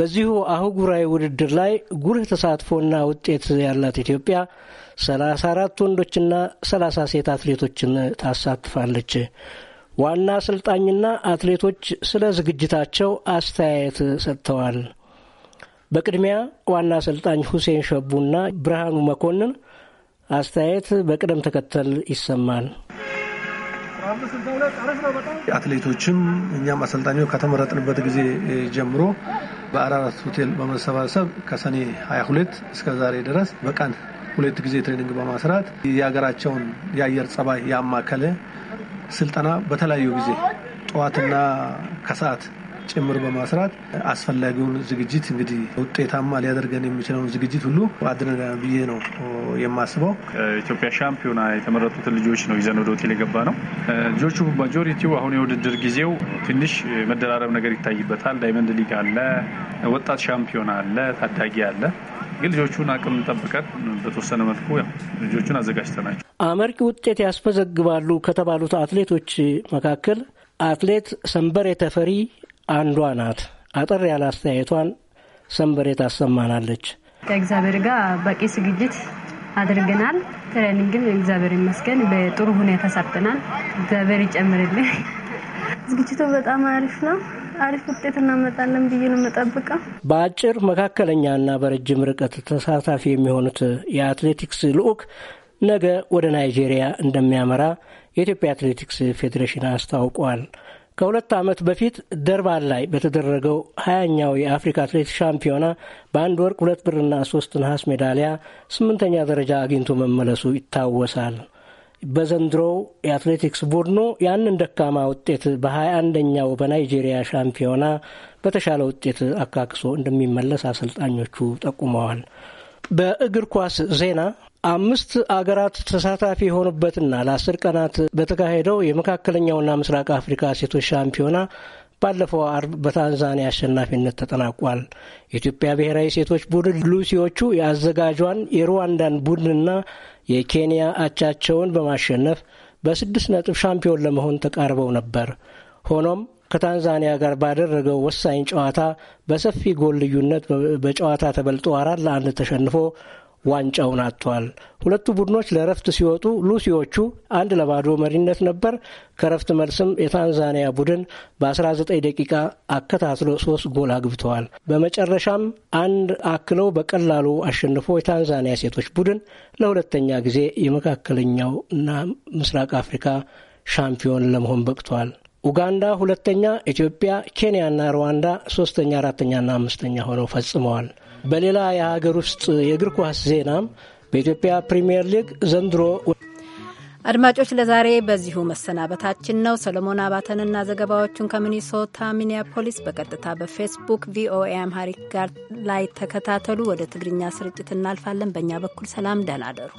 በዚሁ አህጉራዊ ውድድር ላይ ጉልህ ተሳትፎና ውጤት ያላት ኢትዮጵያ 34 ወንዶችና 30 ሴት አትሌቶችን ታሳትፋለች። ዋና አሰልጣኝና አትሌቶች ስለ ዝግጅታቸው አስተያየት ሰጥተዋል። በቅድሚያ ዋና አሰልጣኝ ሁሴን ሸቡና ብርሃኑ መኮንን አስተያየት በቅደም ተከተል ይሰማል። አትሌቶችም እኛም አሰልጣኞ ከተመረጥንበት ጊዜ ጀምሮ በአራራት ሆቴል በመሰባሰብ ከሰኔ 22 እስከ ዛሬ ድረስ በቀን ሁለት ጊዜ ትሬኒንግ በማስራት የሀገራቸውን የአየር ጸባይ ያማከለ ስልጠና በተለያዩ ጊዜ ጠዋትና ከሰዓት ጭምር በማስራት አስፈላጊውን ዝግጅት እንግዲህ ውጤታማ ሊያደርገን የሚችለውን ዝግጅት ሁሉ አድርገናል ብዬ ነው የማስበው። ኢትዮጵያ ሻምፒዮና የተመረጡትን ልጆች ነው ይዘን ወደ ሆቴል የገባ ነው። ልጆቹ ማጆሪቲው አሁን የውድድር ጊዜው ትንሽ መደራረብ ነገር ይታይበታል። ዳይመንድ ሊግ አለ፣ ወጣት ሻምፒዮና አለ፣ ታዳጊ አለ። ግን ልጆቹን አቅም ጠብቀን በተወሰነ መልኩ ልጆቹን አዘጋጅተናቸው አመርቂ ውጤት ያስመዘግባሉ ከተባሉት አትሌቶች መካከል አትሌት ሰንበሬ ተፈሪ አንዷ ናት። አጠር ያለ አስተያየቷን ሰንበሬ ታሰማናለች። ከእግዚአብሔር ጋር በቂ ዝግጅት አድርገናል። ትሬኒንግም እግዚአብሔር ይመስገን በጥሩ ሁኔታ ሰርተናል። እግዚአብሔር ይጨምርልን። ዝግጅቱ በጣም አሪፍ ነው። አሪፍ ውጤት እናመጣለን ብዬ ነው የምጠብቀው። በአጭር መካከለኛና በረጅም ርቀት ተሳታፊ የሚሆኑት የአትሌቲክስ ልዑክ ነገ ወደ ናይጄሪያ እንደሚያመራ የኢትዮጵያ አትሌቲክስ ፌዴሬሽን አስታውቋል። ከሁለት ዓመት በፊት ደርባን ላይ በተደረገው ሀያኛው የአፍሪካ አትሌት ሻምፒዮና በአንድ ወርቅ ሁለት ብርና ሶስት ነሐስ ሜዳሊያ ስምንተኛ ደረጃ አግኝቶ መመለሱ ይታወሳል። በዘንድሮው የአትሌቲክስ ቡድኑ ያንን ደካማ ውጤት 21 አንደኛው በናይጄሪያ ሻምፒዮና በተሻለ ውጤት አካክሶ እንደሚመለስ አሰልጣኞቹ ጠቁመዋል። በእግር ኳስ ዜና አምስት አገራት ተሳታፊ የሆኑበትና ለአስር ቀናት በተካሄደው የመካከለኛውና ምስራቅ አፍሪካ ሴቶች ሻምፒዮና ባለፈው አርብ በታንዛኒያ አሸናፊነት ተጠናቋል። የኢትዮጵያ ብሔራዊ ሴቶች ቡድን ሉሲዎቹ የአዘጋጇን የሩዋንዳን ቡድንና የኬንያ አቻቸውን በማሸነፍ በስድስት ነጥብ ሻምፒዮን ለመሆን ተቃርበው ነበር። ሆኖም ከታንዛኒያ ጋር ባደረገው ወሳኝ ጨዋታ በሰፊ ጎል ልዩነት በጨዋታ ተበልጦ አራት ለአንድ ተሸንፎ ዋንጫውን አጥቷል። ሁለቱ ቡድኖች ለረፍት ሲወጡ ሉሲዎቹ አንድ ለባዶ መሪነት ነበር። ከረፍት መልስም የታንዛኒያ ቡድን በ19 ደቂቃ አከታትሎ ሶስት ጎል አግብተዋል። በመጨረሻም አንድ አክለው በቀላሉ አሸንፎ የታንዛኒያ ሴቶች ቡድን ለሁለተኛ ጊዜ የመካከለኛው እና ምስራቅ አፍሪካ ሻምፒዮን ለመሆን በቅቷል። ኡጋንዳ ሁለተኛ፣ ኢትዮጵያ፣ ኬንያና ሩዋንዳ ሶስተኛ፣ አራተኛና አምስተኛ ሆነው ፈጽመዋል። በሌላ የሀገር ውስጥ የእግር ኳስ ዜናም በኢትዮጵያ ፕሪምየር ሊግ ዘንድሮ አድማጮች፣ ለዛሬ በዚሁ መሰናበታችን ነው። ሰለሞን አባተንና ዘገባዎቹን ከሚኒሶታ ሚኒያፖሊስ በቀጥታ በፌስቡክ ቪኦኤ አምሃሪክ ጋር ላይ ተከታተሉ። ወደ ትግርኛ ስርጭት እናልፋለን። በእኛ በኩል ሰላም፣ ደህና አደሩ።